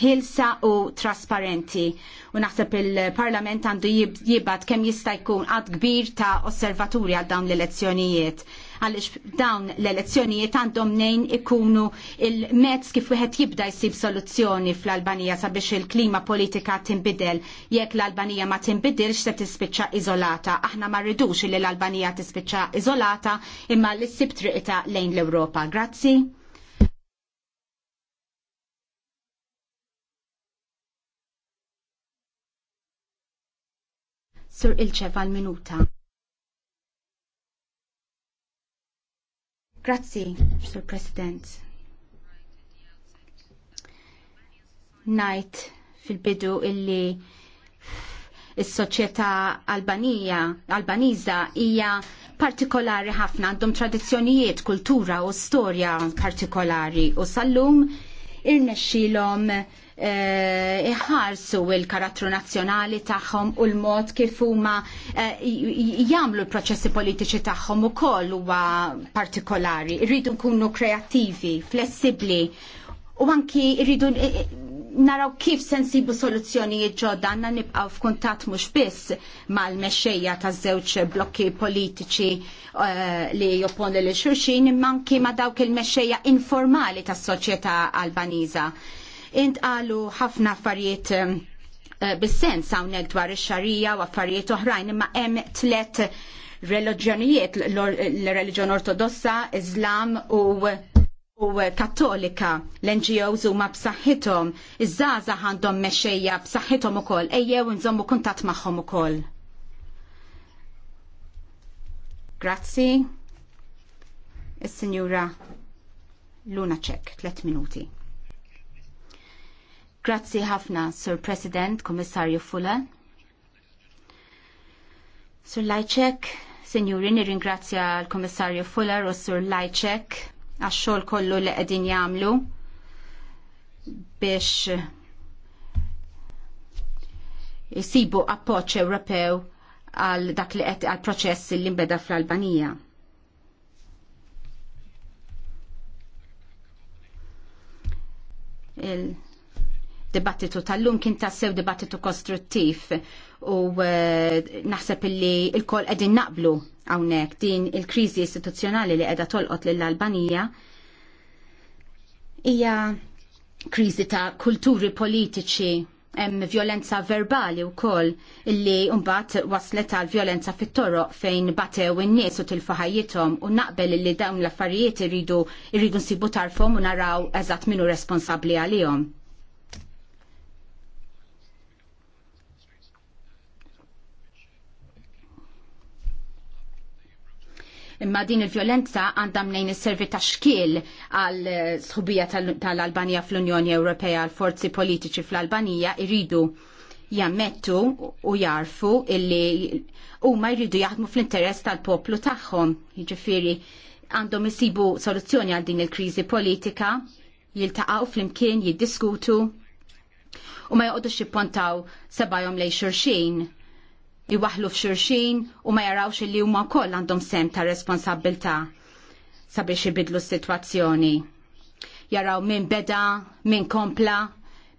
ħilsa u trasparenti. U naħseb il-Parlament għandu jibad kemm jista' jkun għad kbir ta' osservaturi għal dawn l-elezzjonijiet għaliex dawn l-elezzjonijiet għandhom nejn ikunu il-mezz kif wieħed jibda jsib soluzzjoni fl-Albanija sabiex il-klima politika tinbidel. Jekk l-Albanija ma tinbidilx se tispiċċa iżolata. Aħna ma rridux li l-Albanija tispiċċa iżolata imma l-issib triqita lejn l-Ewropa. Grazzi. Sur Ilċev ċeval minuta Grazzi, Sur President. Najt fil-bidu illi is-soċjetà Albanija, Albaniża hija partikolari ħafna għandhom tradizzjonijiet, kultura u storja partikolari u sallum irnexxilhom Eh, iħarsu il-karattru nazzjonali tagħhom u l-mod kif huma eh, jagħmlu l-proċessi politiċi tagħhom ukoll huwa partikolari. Irridu nkunu kreattivi, flessibbli u anki irridu eh, naraw kif sensibu soluzzjonijiet ġodda għanna nibqgħu f'kuntatt mhux biss mal-mexxejja taż-żewġ blokki politiċi li jopponu lil xulxin imma anki ma' dawk il-mexxejja informali tas-soċjetà Albaniża Intqalu ħafna affarijiet um, uh, bis-sens hawnhekk dwar ix-xarija u affarijiet oħrajn imma hemm tliet reliġjonijiet l-reliġjon ortodossa, Iżlam u u kattolika l-NGOs huma b'saħħithom, iż-żaża għandhom mexxejja b'saħħithom ukoll, ejjew nżommu kuntatt magħhom ukoll. Grazzi. Is-Sinjura Luna Cech, tliet minuti. Grazzi ħafna, Sir President, Komissarju Fula. Sur Lajcek, Sinjuri, nirringrazzja l-Komissarju Fuller u Sur Lajcek għax-xogħol kollu li qegħdin jagħmlu biex jisibu appoċ Ewropew għal dak li qed għal proċess li nbeda fl-Albanija. Il dibattitu tal-lum kien tassew dibattitu kostruttiv u eh, naħseb illi il-kol qegħdin naqblu hawnhekk din il-kriżi istituzzjonali li qiegħda tolqot lill-Albanija hija kriżi ta' kulturi politiċi hemm violenza verbali wkoll illi mbagħad waslet għal violenza fit-toroq fejn batew in-nies u tilfaħajjithom u naqbel illi dawn l-affarijiet iridu irridu nsibu tarfhom u naraw eżatt minu responsabbli għalihom. imma din il-violenza għandha mnejn is-servi ta' xkiel għal sħubija tal-Albanija tal fl-Unjoni Ewropea għal forzi politiċi fl-Albanija iridu jammettu u jarfu illi huma jridu jaħdmu fl-interess tal-poplu tagħhom. Jiġifieri għandhom isibu soluzzjoni għal din il-kriżi politika, jiltaqgħu flimkien, jiddiskutu u ma joqgħodux jippontaw sebajhom lej xurxin iwaħlu f'xurxin u ma jarawx li huma wkoll għandhom sem ta' responsabilità sabiex ibidlu s-sitwazzjoni. Jaraw min beda, min kompla,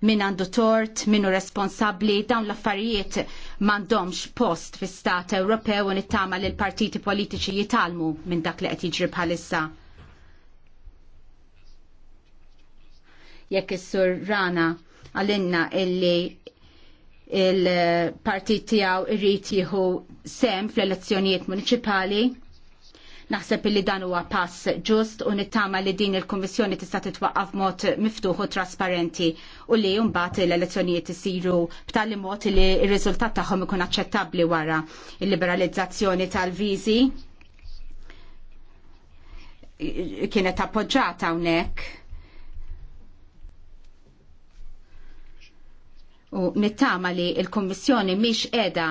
min għandu tort, u responsabli, dawn l-affarijiet mandomx post fi stat Ewropew u nittama li l-partiti politiċi jitalmu minn dak li qed jiġri bħalissa. Jekk is-sur Rana għalinna illi il-partit tijaw irrit jieħu sem fl-elezzjonijiet municipali. Naħseb li dan huwa pass ġust u nittama li din il-Kummissjoni tista' titwaqqaf mod miftuħ u trasparenti u li mbagħad l-elezzjonijiet isiru b'tali mod li r-riżultat tagħhom ikun aċċettabbli wara il-liberalizzazzjoni tal-viżi kienet appoġġata hawnhekk u nittama li il-Kommissjoni miex edha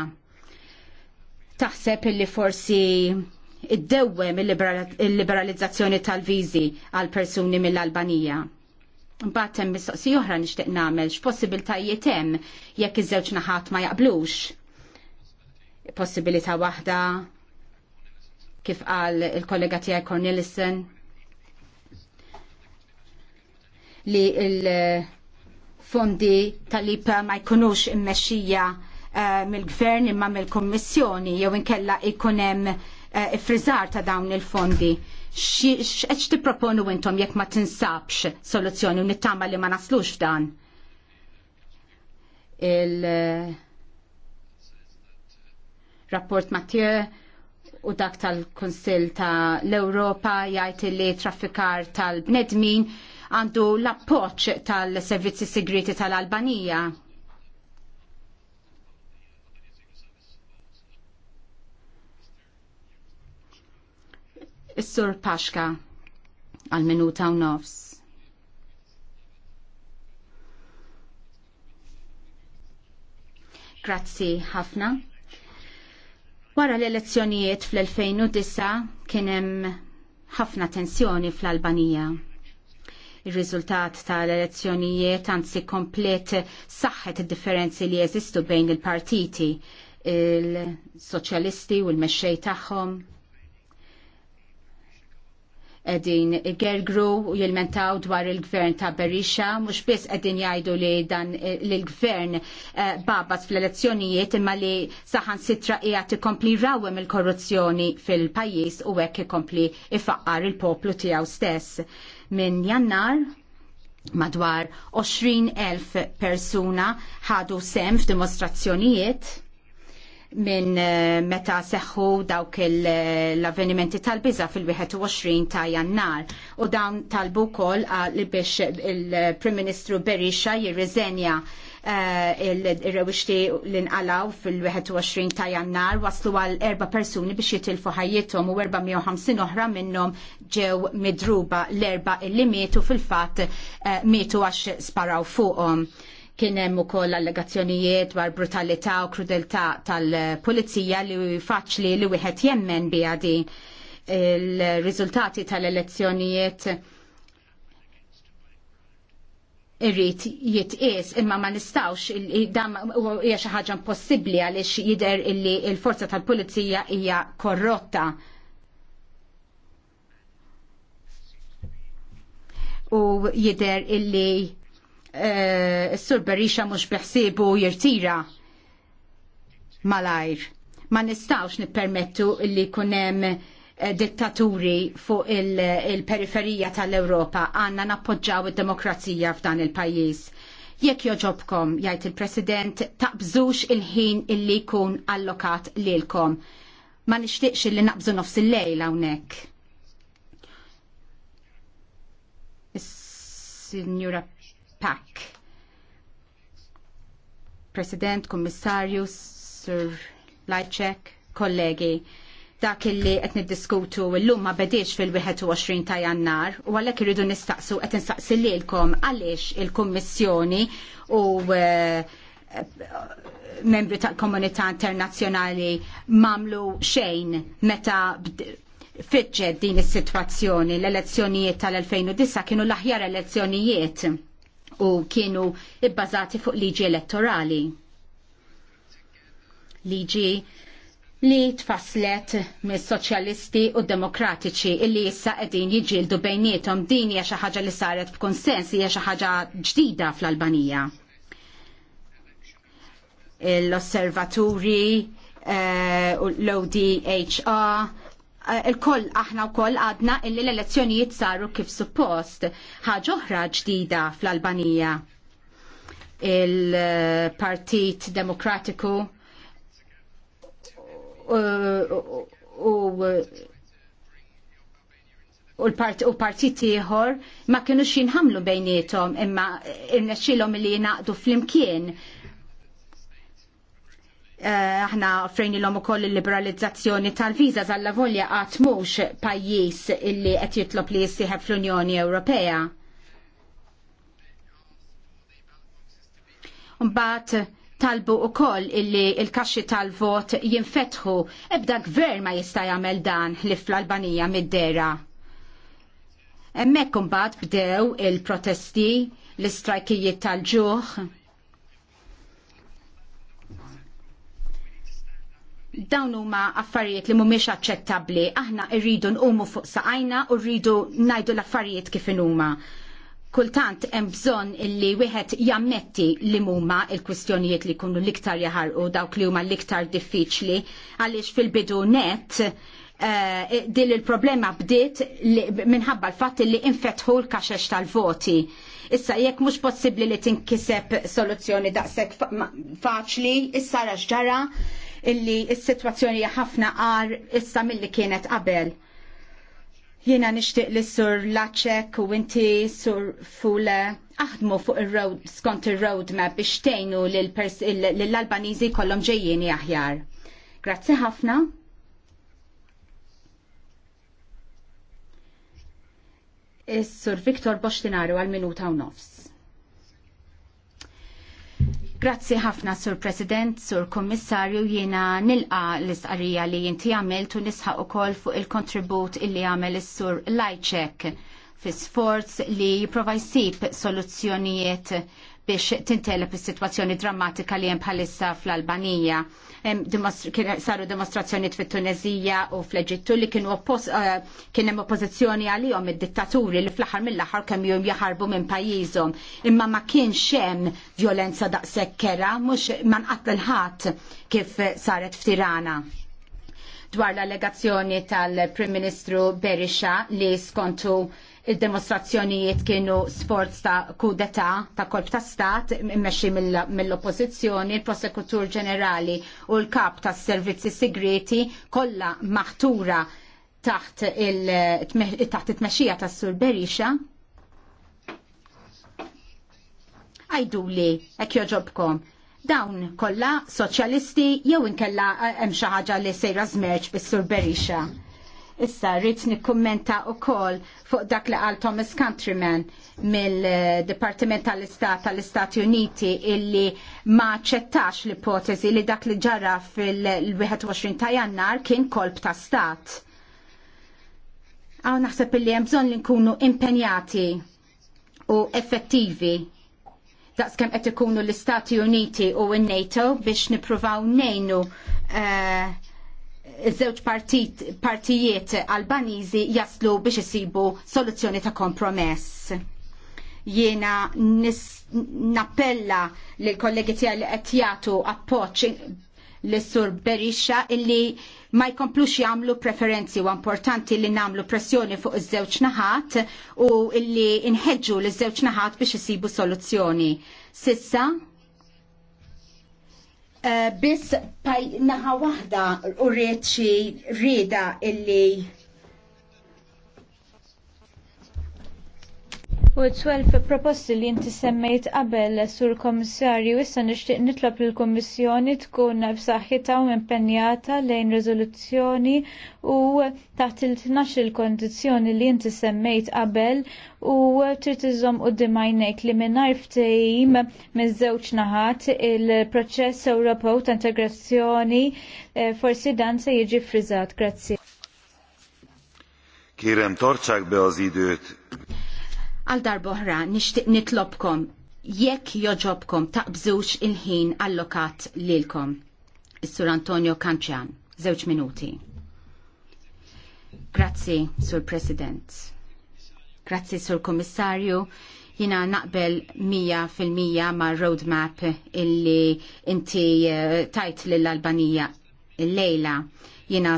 taħseb li forsi id-dewwem il-liberalizzazzjoni tal-viżi għal persuni mill-Albanija. Mbagħad hemm mistoqsija oħra nixtieq nagħmel x'possibiltajiet hemm jekk iż-żewġ naħat ma jaqblux. Possibilità waħda kif qal il-kollega tiegħi Cornelissen li il- fondi tal-IPA ma jkunux immexxija uh, mill-gvern imma mill-kommissjoni jew inkella ikunem uh, eh, ifriżar ta' dawn il-fondi. X'qed tipproponu intom jekk ma tinsabx soluzzjoni u nittama li ma naslux dan? Il-rapport eh, Mathieu u dak tal-Konsil ta' l jgħid li traffikar tal-bnedmin għandu l-appoċ tal-servizzi segreti tal-Albanija. Is-Sur Paxka għal minuta u nofs. Grazzi ħafna. Wara l-elezzjonijiet fl-2009 kien hemm ħafna tensjoni fl-Albanija. Il-riżultat tal-elezzjonijiet anzi komplet saħħet id-differenzi li jeżistu bejn il-partiti il-soċjalisti u l-mexxej tagħhom edin gergru u jilmentaw dwar il-gvern ta' Berisha, mux biss edin jajdu li dan l-gvern eh, babas fl-elezzjonijiet imma li saħan sitra ijat ikompli rawem il-korruzzjoni fil-pajis u għek ikompli ifaqqar il-poplu tijaw stess minn jannar madwar 20.000 persuna ħadu sem f'dimostrazzjonijiet minn eh, meta seħħu dawk eh, l-avvenimenti tal-biza fil-21 ta' jannar u dawn talbu kol li biex il-Prim Ministru Berisha jirriżenja Eh, il-rewixti l-inqalaw fil-21 ta' jannar waslu għal erba persuni biex jitilfu ħajjithom u 450 oħra minnhom ġew midruba l-erba illi mietu fil-fatt eh, mietu għax sparaw fuqhom kien hemm ukoll allegazzjonijiet dwar brutalità u krudeltà tal-pulizija li faċli li wieħed jemmen biha din il-riżultati tal-elezzjonijiet irrid jitqies imma ma nistawx dam hija xi ħaġa impossibbli għaliex jidher illi l-forza tal-pulizija hija korrotta. U jidher illi s-sur eh, Berisha mhux biħsiebu jirtira malajr. Ma nistawx nippermettu illi kunem hemm Eh, dittaturi fuq eh, il-periferija il periferija tal europa għanna nappoġġaw id-demokrazija f'dan il-pajis. Jekk joġobkom, jgħid il-President, taqbżux il-ħin illi jkun allokat lilkom. Ma nixtieqx illi naqbżu nofs il-lejl hawnhekk. Signora Pack. President, Kummissarju, Sir Lajcek, kollegi dak illi qed niddiskutu llum ma bediex fil-21 ta' jannar u għalhekk irridu nistaqsu qed nistaqsi lilkom għaliex il-Kummissjoni u eh, membri tal-komunità internazzjonali mamlu xejn meta fitġed din is-sitwazzjoni l-elezzjonijiet tal-2009 kienu l-aħjar elezzjonijiet u kienu ibbażati fuq liġi elettorali. Liġi li tfaslet mis soċjalisti u demokratiċi illi issa qegħdin jiġġieldu bejnietom din hija xi ħaġa li saret b'konsens hija xi ħaġa ġdida fl-Albanija. L-osservaturi eh, u uh, l odha il-koll aħna u koll għadna illi l-elezzjonijiet saru kif suppost ħaġa oħra ġdida fl-Albanija il-Partit Demokratiku u u l-partit ieħor ma kienux jinħamlu bejnietom imma irnexxilhom li jingħaqdu flimkien. Eh, aħna offrejnilhom ukoll il-liberalizzazzjoni tal-viża żalla volja qatt mhux pajjiż illi qed jitlob li jissieħeb fl-Unjoni Ewropea. Mbagħad talbu u koll illi il-kaxxi tal-vot jinfetħu ebda gvern ma jista' jagħmel dan li fl-Albanija mid-dera. Hemmhekk imbagħad bdew il-protesti, l-istrajkijiet tal-ġuħ, dawn huma affarijiet li mhumiex aċċettabbli. Aħna rridu nqumu fuq saqajna u rridu ngħidu l-affarijiet kif huma kultant hemm bżonn illi wieħed jammetti li huma l-kwistjonijiet li jkunu l-iktar jaħarqu dawk li huma l-iktar diffiċli għaliex fil-bidu net uh, din il-problema bdiet minħabba l-fatt li infetħu l-kaxex tal-voti. Issa jekk mhux possibbli li tinkiseb soluzzjoni daqshekk faċli, issa ġara illi s-sitwazzjoni ħafna qar issa milli kienet qabel Jiena nixtieq li sur Laċek u inti sur Fule aħdmu fuq il-road skont il-roadmap biex tgħinu lill-Albaniżi kollom ġejjini aħjar. Grazzi ħafna. Is-Sur Viktor Boċtinaru għal minuta u nofs. Grazzi ħafna sur President, sur Kommissarju jiena nilqa l-istqarrija li jinti għamilt u nisħaq ukoll fuq il-kontribut illi għamil is-sur Lajċek fi sforz li jipprova jsib soluzzjonijiet biex tintelep is-sitwazzjoni drammatika li hemm bħalissa fl-Albanija saru demonstrazzjoniet fit tunezija u fl-Eġittu li kienu eh, kien hemm oppożizzjoni għalihom id-dittaturi li fl-aħħar mill-aħħar kemm jum jaħarbu minn pajjiżhom. Imma ma kienx hemm violenza daqshekk kera mhux ma nqattel ħadd kif saret f'Tirana dwar l-allegazzjoni tal-Prim Ministru Berisha li skontu id-demonstrazzjonijiet kienu sforz ta' kudeta ta' kolb ta' stat immexxi mill-oppożizzjoni, il-prosekutur ġenerali u l-kap tas servizzi segreti kollha maħtura taħt il-tmexxija tas-sur Berisha għajdu li, ek joġobkom, dawn kolla soċjalisti jew inkella eh, hemm xi ħaġa li sejra żmerġ bis-sur Berisha. Issa rrit nikkummenta wkoll fuq dak li qal Thomas Countryman mill-Dipartiment tal-Istat tal-Istati Uniti illi ma ċettax l-ipotezi li dak li ġara fil-21 ta' jannar kien kolb ta' stat. Għaw naħseb illi hemm bżonn li nkunu impenjati u effettivi daqskem qed ikunu l-Istati Uniti u n-NATO biex nippruvaw nejnu uh, eh, iż-żewġ partijiet Albaniżi jaslu biex isibu soluzzjoni ta' kompromess. Jiena nappella lill kollegi tiegħi li qed jagħtu appoġġ lis sur Berisha illi ma jkomplux jagħmlu preferenzi u importanti li nagħmlu pressjoni fuq iż-żewġ naħat u illi nħeġġu l-żewġ naħat biex isibu soluzzjoni. Sissa, Eh, biss naħa waħda u rriet xi rieda illi U t-twelf proposti li inti semmejt qabel sur komissarju issa nixtieq nitlob il kummissjoni tkun b'saħħitha u impenjata lejn riżoluzzjoni u taħt il il-kondizzjoni li inti semmejt qabel u trid iżomm quddiem għajnejk li mingħajr ftehim miż-żewġ naħat il-proċess Ewropew ta' integrazzjoni eh, forsi dan se jiġi frizzat. Grazzi. Kirem tartsák be Għal darboħra nixtieq nitlobkom jekk joġobkom taqbżux il-ħin allokat lilkom. Is-Sur Antonio Kanċan, żewġ minuti. Grazzi, Sur President. Grazzi, Sur Kommissarju jina naqbel 100% ma' roadmap illi inti eh, tajt l-Albanija l-lejla. Jina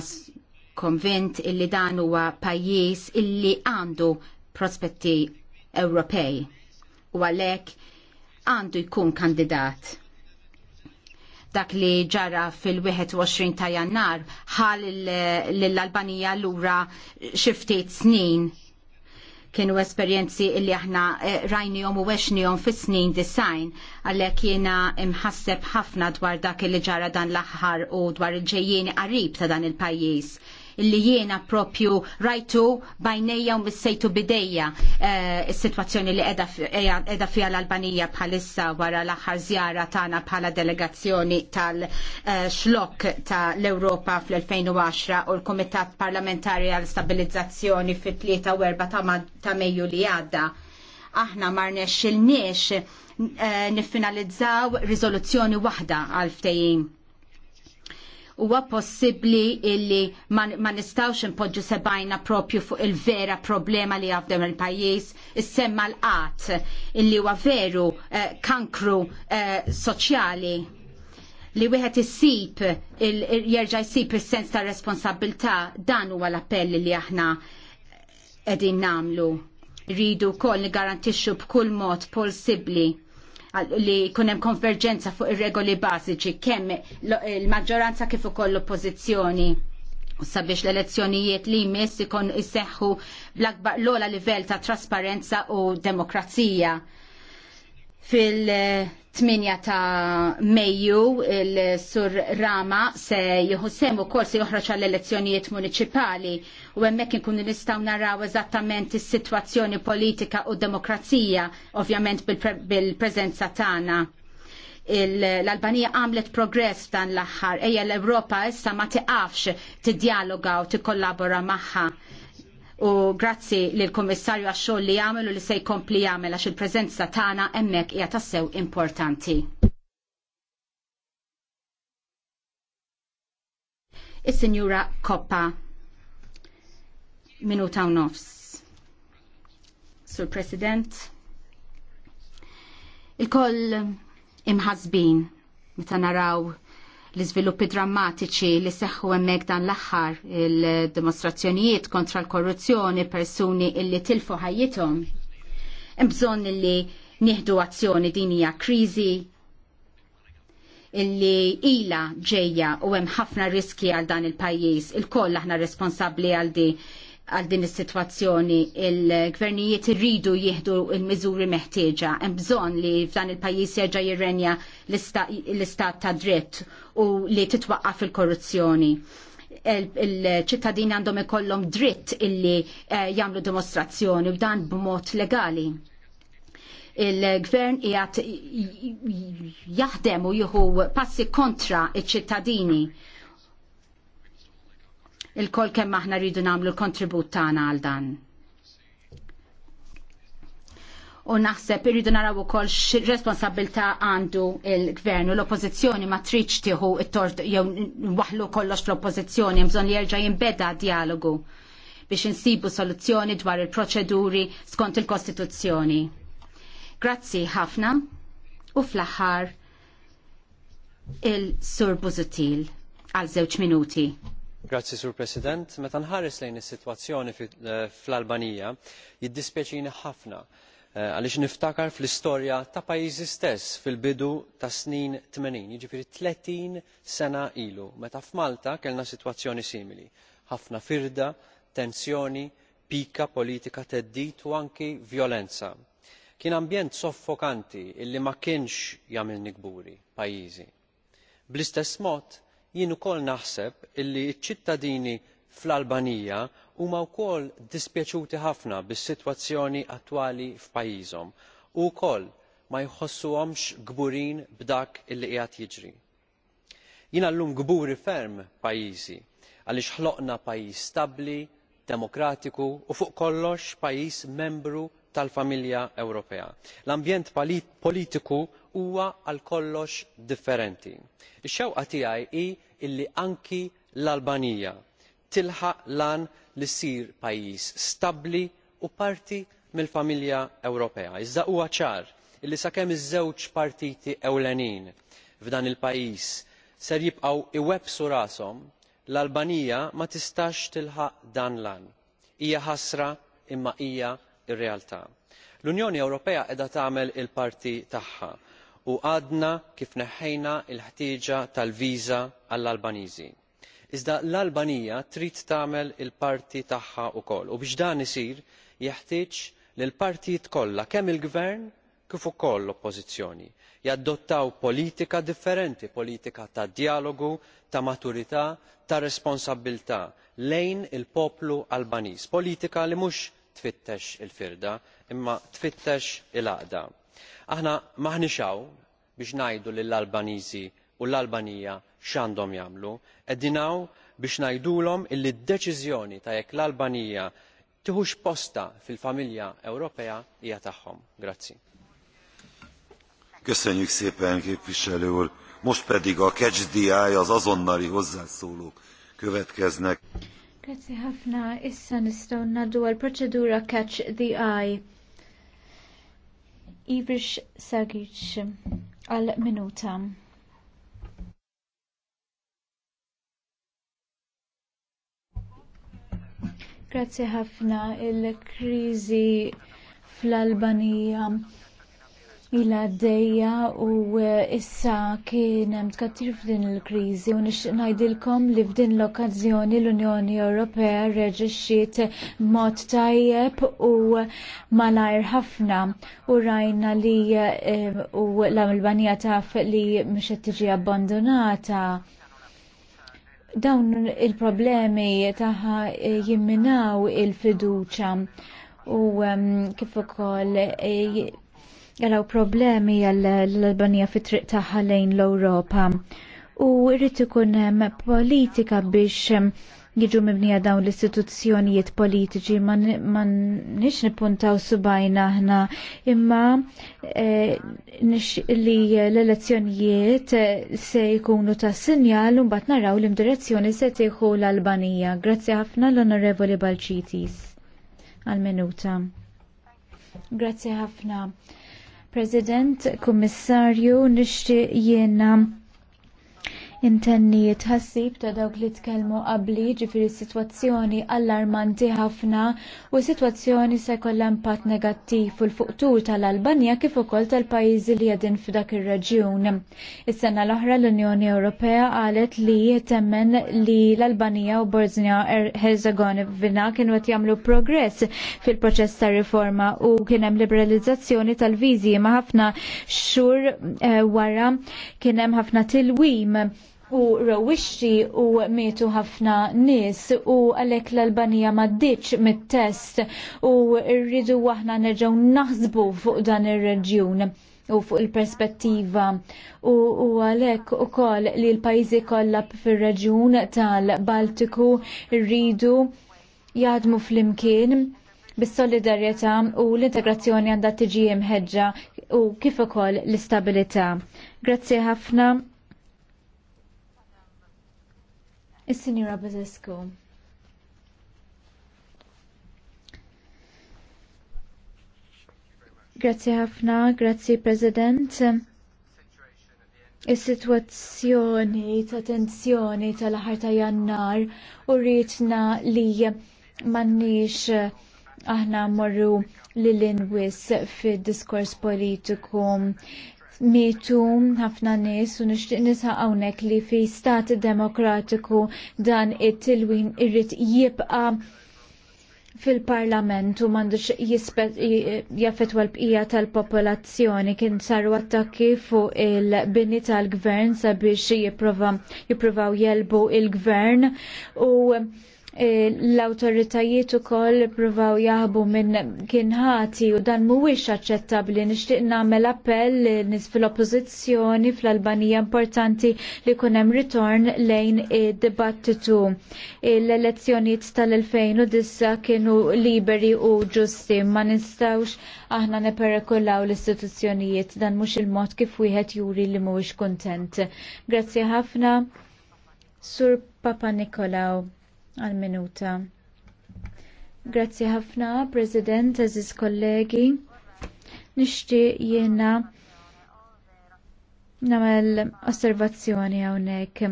konvint illi dan huwa pajjiż illi għandu prospetti Ewropej u għalhekk għandu jkun kandidat. Dak li ġara fil-21 ta' jannar ħal l-Albanija lura xi ftit snin kienu esperjenzi illi aħna eh, rajnijom u weċnijom fis snin design għallek jena imħasseb ħafna dwar dak li ġara dan l-aħħar u dwar il-ġejjeni qarib ta' dan il-pajis Illi jiena propju rajtu bajnejja u missejtu bidejja eh, is-sitwazzjoni li qiegħda fiha eh, l-Albanija bħalissa wara l-aħħar żjara tagħna bħala delegazzjoni tal-xlok eh, tal-Ewropa fl-2010 u l-Kumitat Parlamentari għal Stabilizzazzjoni fit-3 u 4 ta' Mejju li għadda aħna marnex il-niex nifinalizzaw rizoluzzjoni wahda għal ftejim huwa possibbli illi ma nistawx impoġġu sebajna propju fuq il-vera problema li għafdem il-pajjiż, is-semma l-qat illi huwa veru eh, kankru eh, soċjali li wieħed issib jerġa' jsib is-sens ta' responsabilità dan huwa l-appell li aħna qegħdin nagħmlu. Rridu wkoll nigarantixxu b'kull mod possibbli li kunem konverġenza fuq ir-regoli bażiċi kemm il-maġġoranza kif ukoll l-oppożizzjoni sabiex l-elezzjonijiet li jmiss ikon isseħħu bl-akbar l-ola livell ta' trasparenza u demokrazija fil- 8 ta' Mejju il-Sur Rama se jieħu semu kol se joħroġ għall elezzjonijiet municipali u hemmhekk inkunu nistgħu naraw eżattament is-sitwazzjoni politika u demokrazija ovvjament bil prezenza tana. tagħna. L-Albanija għamlet progress dan l-aħħar, ejja l-Ewropa issa ma tiqafx t-dialoga u tikkollabora magħha u grazzi lill komissarju għax-xogħol li jagħmel u li se jkompli jagħmel għax il-preżenza tagħna hemmhekk hija tassew importanti. Is-Sinjura Koppa minuta u nofs. Sur President, ikoll imħazbin meta naraw l-iżviluppi drammatiċi li seħħu hemmhekk dan l-aħħar il-dimostrazzjonijiet kontra l-korruzzjoni persuni illi tilfu ħajjithom. Hemm bżonn illi nieħdu azzjoni din hija kriżi illi ila ġejja u hemm ħafna riski għal dan il-pajjiż, il-koll aħna responsabbli għal di għal din is-sitwazzjoni il-gvernijiet irridu jieħdu il-miżuri meħtieġa hemm bżonn li f'dan il-pajjiż jerġa' jirrenja l-istat ta' dritt u li titwaqqaf il-korruzzjoni. Il-ċittadini għandhom ikollhom dritt illi eh, jagħmlu dimostrazzjoni u dan b'mod legali il-gvern jgħat jaħdem u jieħu passi kontra iċ-ċittadini il-kol kemm aħna rridu nagħmlu l-kontribut tagħna għal dan. U naħseb irridu naraw ukoll x'responsabilità għandu il-gvern u l-oppożizzjoni ma tridx tieħu it-tort jew waħlu kollox fl-oppożizzjoni hemm bżonn jerġa' jinbeda dialogu biex insibu soluzzjoni dwar il-proċeduri skont il-Kostituzzjoni. Grazzi ħafna u fl-aħħar il-Sur Buzutil għal żewġ minuti. Grazzi Sur President, meta nħares lejn is-sitwazzjoni eh, fl-Albanija jiddispjaċini ħafna eh, għaliex niftakar fl-istorja ta' pajjiżi stess fil-bidu ta' snin 80, jiġifieri 30 sena ilu, meta f'Malta kellna sitwazzjoni simili. Ħafna firda, tensjoni, pika politika teddit u anki vjolenza. Kien ambjent soffokanti illi ma kienx jagħmilni kburi pajjiżi. Bl-istess mod jien ukoll naħseb illi ċ-ċittadini fl albanija huma wkoll dispjaċuti ħafna bis-sitwazzjoni attwali f'pajjiżhom u wkoll ma jħossuhomx kburin b'dak illi qiegħed jiġri. jiena llum kburi ferm pajjiżi għaliex ħloqna pajjiż stabbli demokratiku u fuq kollox pajjiż membru tal-familja ewropea. l ambjent politiku huwa għal kollox differenti. ix-xewqa tiegħi hi li anki l-albanija tilħaq lan li ssir pajjiż stabbli u parti mill-familja ewropea iżda huwa ċar li sakemm iż-żewġ partiti ewlenin f'dan il-pajjiż ser jibqgħu iwebbsu rashom l-albanija ma tistax tilħaq dan lan. hija ħasra imma hija r-realtà. l-unjoni ewropea qiegħda tagħmel il parti tagħha u għadna kif neħħejna l ħtieġa tal viża għall albaniżi iżda l albanija trid tagħmel il parti tagħha wkoll u biex dan isir jeħtieġ li l partijiet kollha kemm il gvern kif ukoll l-oppożizzjoni jadottaw politika differenti politika ta' dijalogu ta' maturità ta' responsabbiltà lejn il poplu albaniż politika li mhux tfittex il firda imma tfittex il għaqda. Aħna maħnixaw biex ngħidu lill-Albaniżi u l-Albanija x'għandhom jagħmlu, qegħdin biex ngħidulhom illi d-deċiżjoni ta' jekk l-Albanija tieħux posta fil-familja Ewropea hija tagħhom. Grazzi. Köszönjük szépen, képviselő úr! Most pedig a Catch eye az azonnali hozzászólók következnek. Köszönjük, ħafna, issa nistgħu ngħaddu għal proċedura Catch the Eye. Ivrish Sagic għal minuta. Grazie ħafna il-krizi fl-Albanija ila għaddejja u eh, issa kien hemm tkattir f'din il-kriżi u nixtieq ngħidilkom li f'din l-okkażjoni l-Unjoni Ewropea reġixxiet mod tajjeb u malajr ħafna u rajna li eh, u l-Albanija taf li mhux qed tiġi abbandonata dawn il-problemi taħħa eh, jimminaw il-fiduċa u ehm, kif ukoll għalaw problemi għall-Albanija fit-triq taħħa lejn l-Europa u irrit ikun politika biex jiġu mibnija dawn l-istituzzjonijiet politiċi ma nix nipuntaw subajna ħna imma e, nix li l-elezzjonijiet e, se jkunu ta' sinjal un bat naraw l-imdirezzjoni se tiħu l-Albanija. Grazzi ħafna l-Onorevoli Balċitis għal-minuta. Grazzi ħafna. President, Kummissarju, nixtieq jiena intenni tħassib ta' dawk li tkellmu qabli ġifiri situazzjoni allarmanti ħafna u situazzjoni se kollha impatt negattiv fil-fuqtur tal-Albanija kif ukoll tal-pajjiżi li qegħdin f'dak ir-reġjun. Is-sena l-oħra l-Unjoni Ewropea qalet li temmen li l-Albanija u Bosnia Herzegovina kienu qed jagħmlu progress fil-proċess ta' riforma u kien hemm liberalizzazzjoni tal-viżi ma' ħafna xhur eh, wara kien hemm ħafna tilwim u rowixxi u mietu ħafna nies u għalhekk l-Albanija m'għaddiċ mit-test u rridu aħna nerġgħu naħsbu fuq dan ir-reġjun u fuq il-perspettiva u, għalhekk għalek u li l-pajzi kollha fir reġjun tal-Baltiku rridu jaħdmu fl-imkien bis-solidarjetà u l-integrazzjoni għandha tiġi mħeġġa u kif ukoll l-istabilità. Grazzi ħafna. Is-Sinjura Bazescu. Grazzi ħafna, grazzi President. Is-sitwazzjoni ta' tensjoni tal-aħar ta' jannar u rritna li m'għandniex aħna morru li l-inwis fid-diskors politiku mitu ħafna nies u nixtieq nisa hawnhekk li fi stat demokratiku dan it-tilwin irrid jibqa' fil-parlament u mandux jaffetwa l-bqija tal-popolazzjoni kien saru attakki fuq il-bini tal-gvern sabiex jipprovaw jelbu il-gvern u Eh, l-autoritajiet ukoll provaw jaħbu minn kienħati u dan mhuwiex aċċettabbli nixtieq nagħmel appell nis fil-oppożizzjoni fl-Albanija importanti li jkun hemm ritorn lejn id-dibattitu. L-elezzjonijiet tal-2009 kienu liberi u ġusti ma nistawx aħna neperekollaw l-istituzzjonijiet dan mhux il-mod kif wieħed juri li mhuwiex kuntent. Grazzi ħafna. Sur Papa Nikolaw għal-minuta. Grazzi ħafna, President, eżis kollegi. Nishti jena namel osservazzjoni għonek.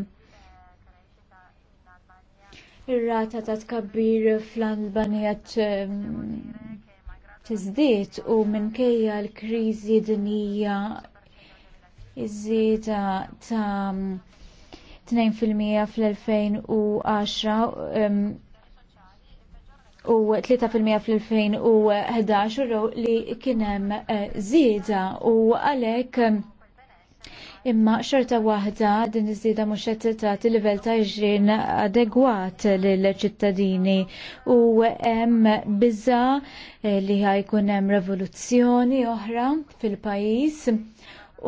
Ir-rata ta' tkabbir fl-Albanija ehm, tizdiet u minkejja l-kriżi dinija iż-żieda ta' 2% fl-2010 u 3% fl-2011 li kienem zida eh, u għalek Imma xorta waħda din iż-żieda mhux qed tagħti livell ta' ġrien adegwat lill-ċittadini u hemm biża eh, li ħajkun hemm revoluzzjoni oħra fil-pajjiż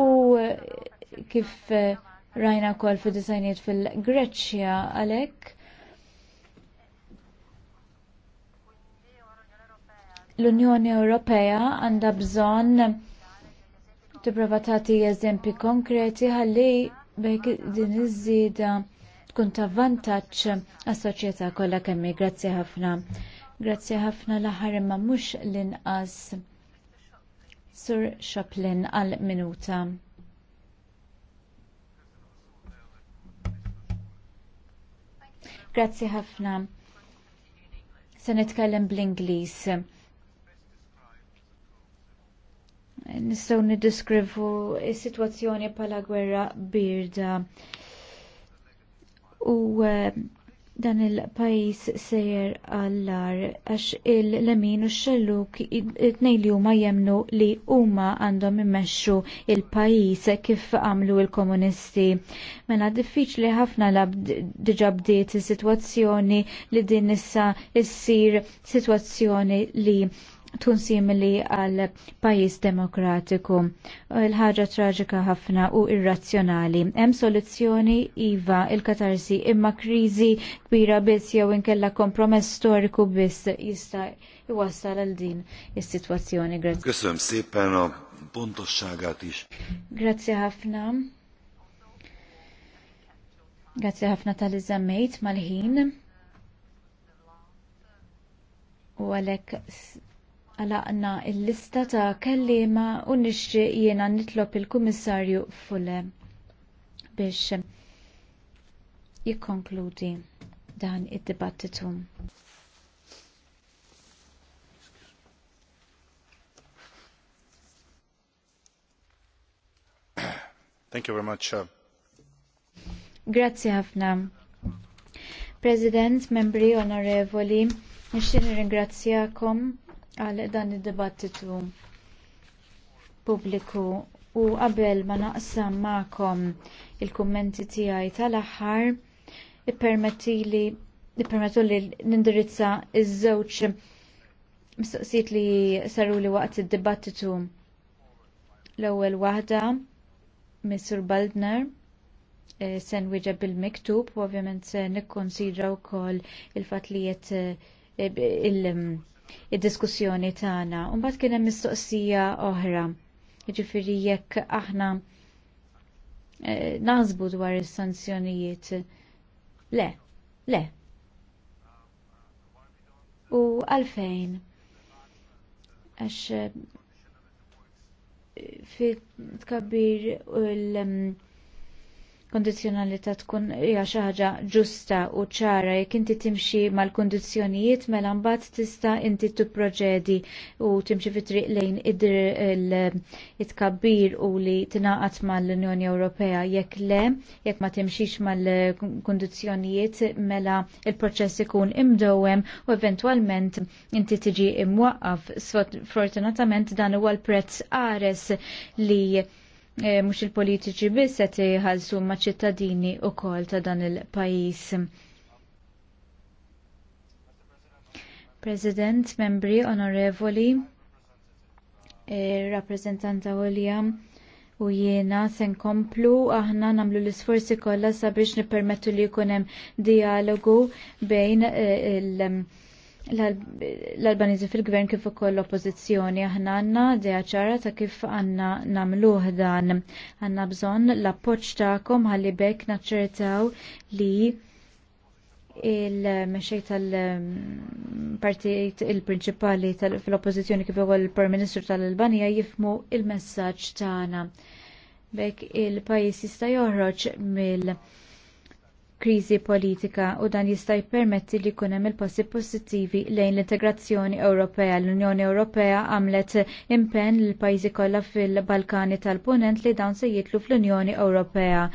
u eh, kif rajna wkoll fi disajniet fil-Greċja għalhekk. L-Unjoni Ewropea għandha bżonn tipprova tagħti eżempji konkreti ħalli bejk din iż-żieda tkun ta' vantaġġ għas-soċjetà kollha kemm grazzi ħafna. Grazzi ħafna l-aħħar imma mhux l-inqas Sur Chaplin għal minuta. Grazzi ħafna. Se nitkellem bl-Ingliż. Nistgħu niddeskrivu s-sitwazzjoni bħala gwerra birda u eh, dan il-pajis sejjer għallar għax il-lemin u xelluk it-nej li huma jemnu li huma għandhom immexxu il-pajis kif għamlu il-komunisti. Mela diffiċli ħafna la diġa bdiet is-sitwazzjoni li din issa issir sitwazzjoni li tkun simili għal pajjiż demokratiku. Il-ħaġa traġika ħafna u irrazzjonali. Hemm soluzzjoni iva il-katarsi imma kriżi kbira biss jew inkella kompromess storiku biss jista' iwassal għal din is-sitwazzjoni. Grazzi. szépen a pontosságát is. ħafna. Grazie ħafna tal-iżammejt mal-ħin u għalek għalaqna il-lista ta' kelliema u nixri jiena nitlob il-Kummissarju Fule biex jikkonkludi dan id-dibattitu. Thank you very much. Uh, Grazie ħafna. President, membri onorevoli, nixtieq nirringrazzjakom għal dan id-dibattitu pubbliku u qabel ma naqsam magħkom il-kummenti tiegħi tal-aħħar ippermettili ippermettu li nindirizza iż-żewġ mistoqsijiet li saru li waqt id-dibattitu l-ewwel waħda Mr. Baldner eh, se nwieġeb bil-miktub u ovvjament se nikkonsidra wkoll il-fatt li qed eh, il- id-diskussjoni tagħna. U mbagħad kien hemm mistoqsija oħra. Jiġifieri jekk aħna eh, nażbu dwar is-sanzjonijiet. Le, le. U għalfejn? Għax eh, fi tkabbir l- mm, kondizjonalità tkun hija xi ħaġa ġusta u ċara jekk inti timxi mal-kundizzjonijiet mela mbagħad tista' inti tipproġedi u timxi fi triq lejn it-tkabbir u li tingħaqad mal-Unjoni Ewropea jekk le jekk ma timxix mal-kundizzjonijiet mela il-proċess ikun imdowem u eventwalment inti tiġi imwaqqaf. Sfortunatament dan huwa l-prezz qares li Eh, mhux il-politiċi biss qed iħallsu ma' ċittadini wkoll ta' dan il-pajjiż. President, membri onorevoli, eh, rappreżentanta Olja, u jiena se nkomplu aħna nagħmlu l-isforzi kollha sabiex nippermettu li jkun hemm dialogu bejn eh, il- l-Albanizi fil-gvern kif ukoll l-oppożizzjoni aħna għandna idea ċara ta' kif għandna nagħmluh dan. Għandna bżonn l-appoġġ tagħkom ħalli bekk naċċertaw li il-mexej tal partijiet il-prinċipali fil-oppożizzjoni kif ukoll il-Prim Ministru tal-Albanija jifmu il-messaġġ tagħna. Bekk il-pajjiż jista' joħroġ mill- kriżi politika u dan jista' jippermetti li jkun hemm il-passi pożittivi lejn l-integrazzjoni Ewropea. L-Unjoni Ewropea għamlet impenn l pajjiżi kollha fil-Balkani tal-Punent li dawn se jitlu fl-Unjoni Ewropea.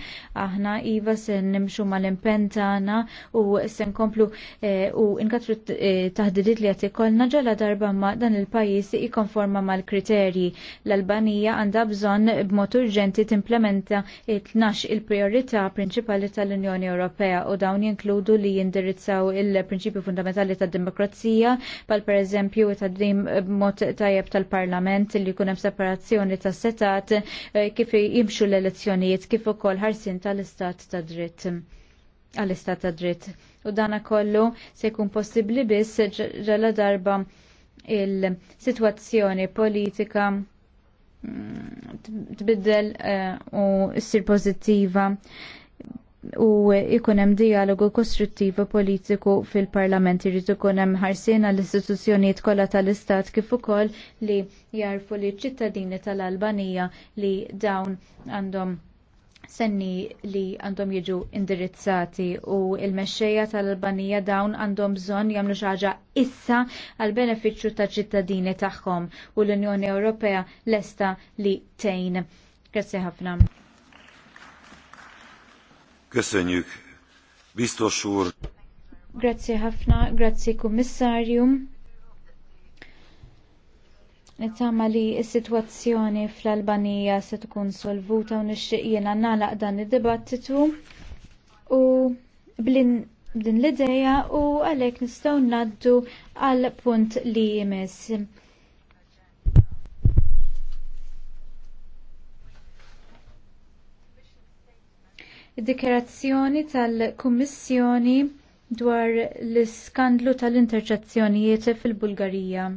Aħna iva se nimxu mal-impenn tagħna u se nkomplu eh, u nkatru eh, taħdidiet li qed ikollna ġala darba ma dan il-pajjiż jikkonforma mal-kriterji. L-Albanija għandha bżonn b'mod urġenti timplementa t tnax il-priorità prinċipali tal-Unjoni Ewropea Ewropea u dawn jinkludu li jindirizzaw il-prinċipju fundamentali tad demokrazija pal per eżempju ta' dim mod tajjeb tal-parlament li jkun hemm separazzjoni ta' setat eh, kif jimxu l-elezzjonijiet kif ukoll ħarsin tal-istat ta' dritt għall-istat ta' dritt. U dana kollu se jkun possibbli biss ġala darba il-situazzjoni politika mm, tbiddel eh, u ssir pozittiva u ikun hemm dialogu kostruttivu politiku fil-Parlament irid ikun hemm ħarsiena għall istituzzjonijiet kollha tal-Istat kif ukoll li jarfu li ċittadini tal-Albanija li dawn għandhom senni li għandhom jiġu indirizzati u il-mexxejja tal-Albanija dawn għandhom bżonn jagħmlu xi ħaġa issa għal benefiċċju ta' ċittadini tagħhom u l-Unjoni Ewropea lesta li tgħin. Grazzi ħafna. Köszönjük, biztos úr. Grazie Hafna, grazie kummissarju. Nittama li situazzjoni fl-Albanija se tkun solvuta u nixtieq jiena nagħlaq dan id-dibattitu u blin din l-ideja u għalhekk nistgħu ngħaddu għal punt li jmiss. id-dikerazzjoni tal-Kummissjoni dwar l-iskandlu tal-interċazzjonijiet fil-Bulgarija.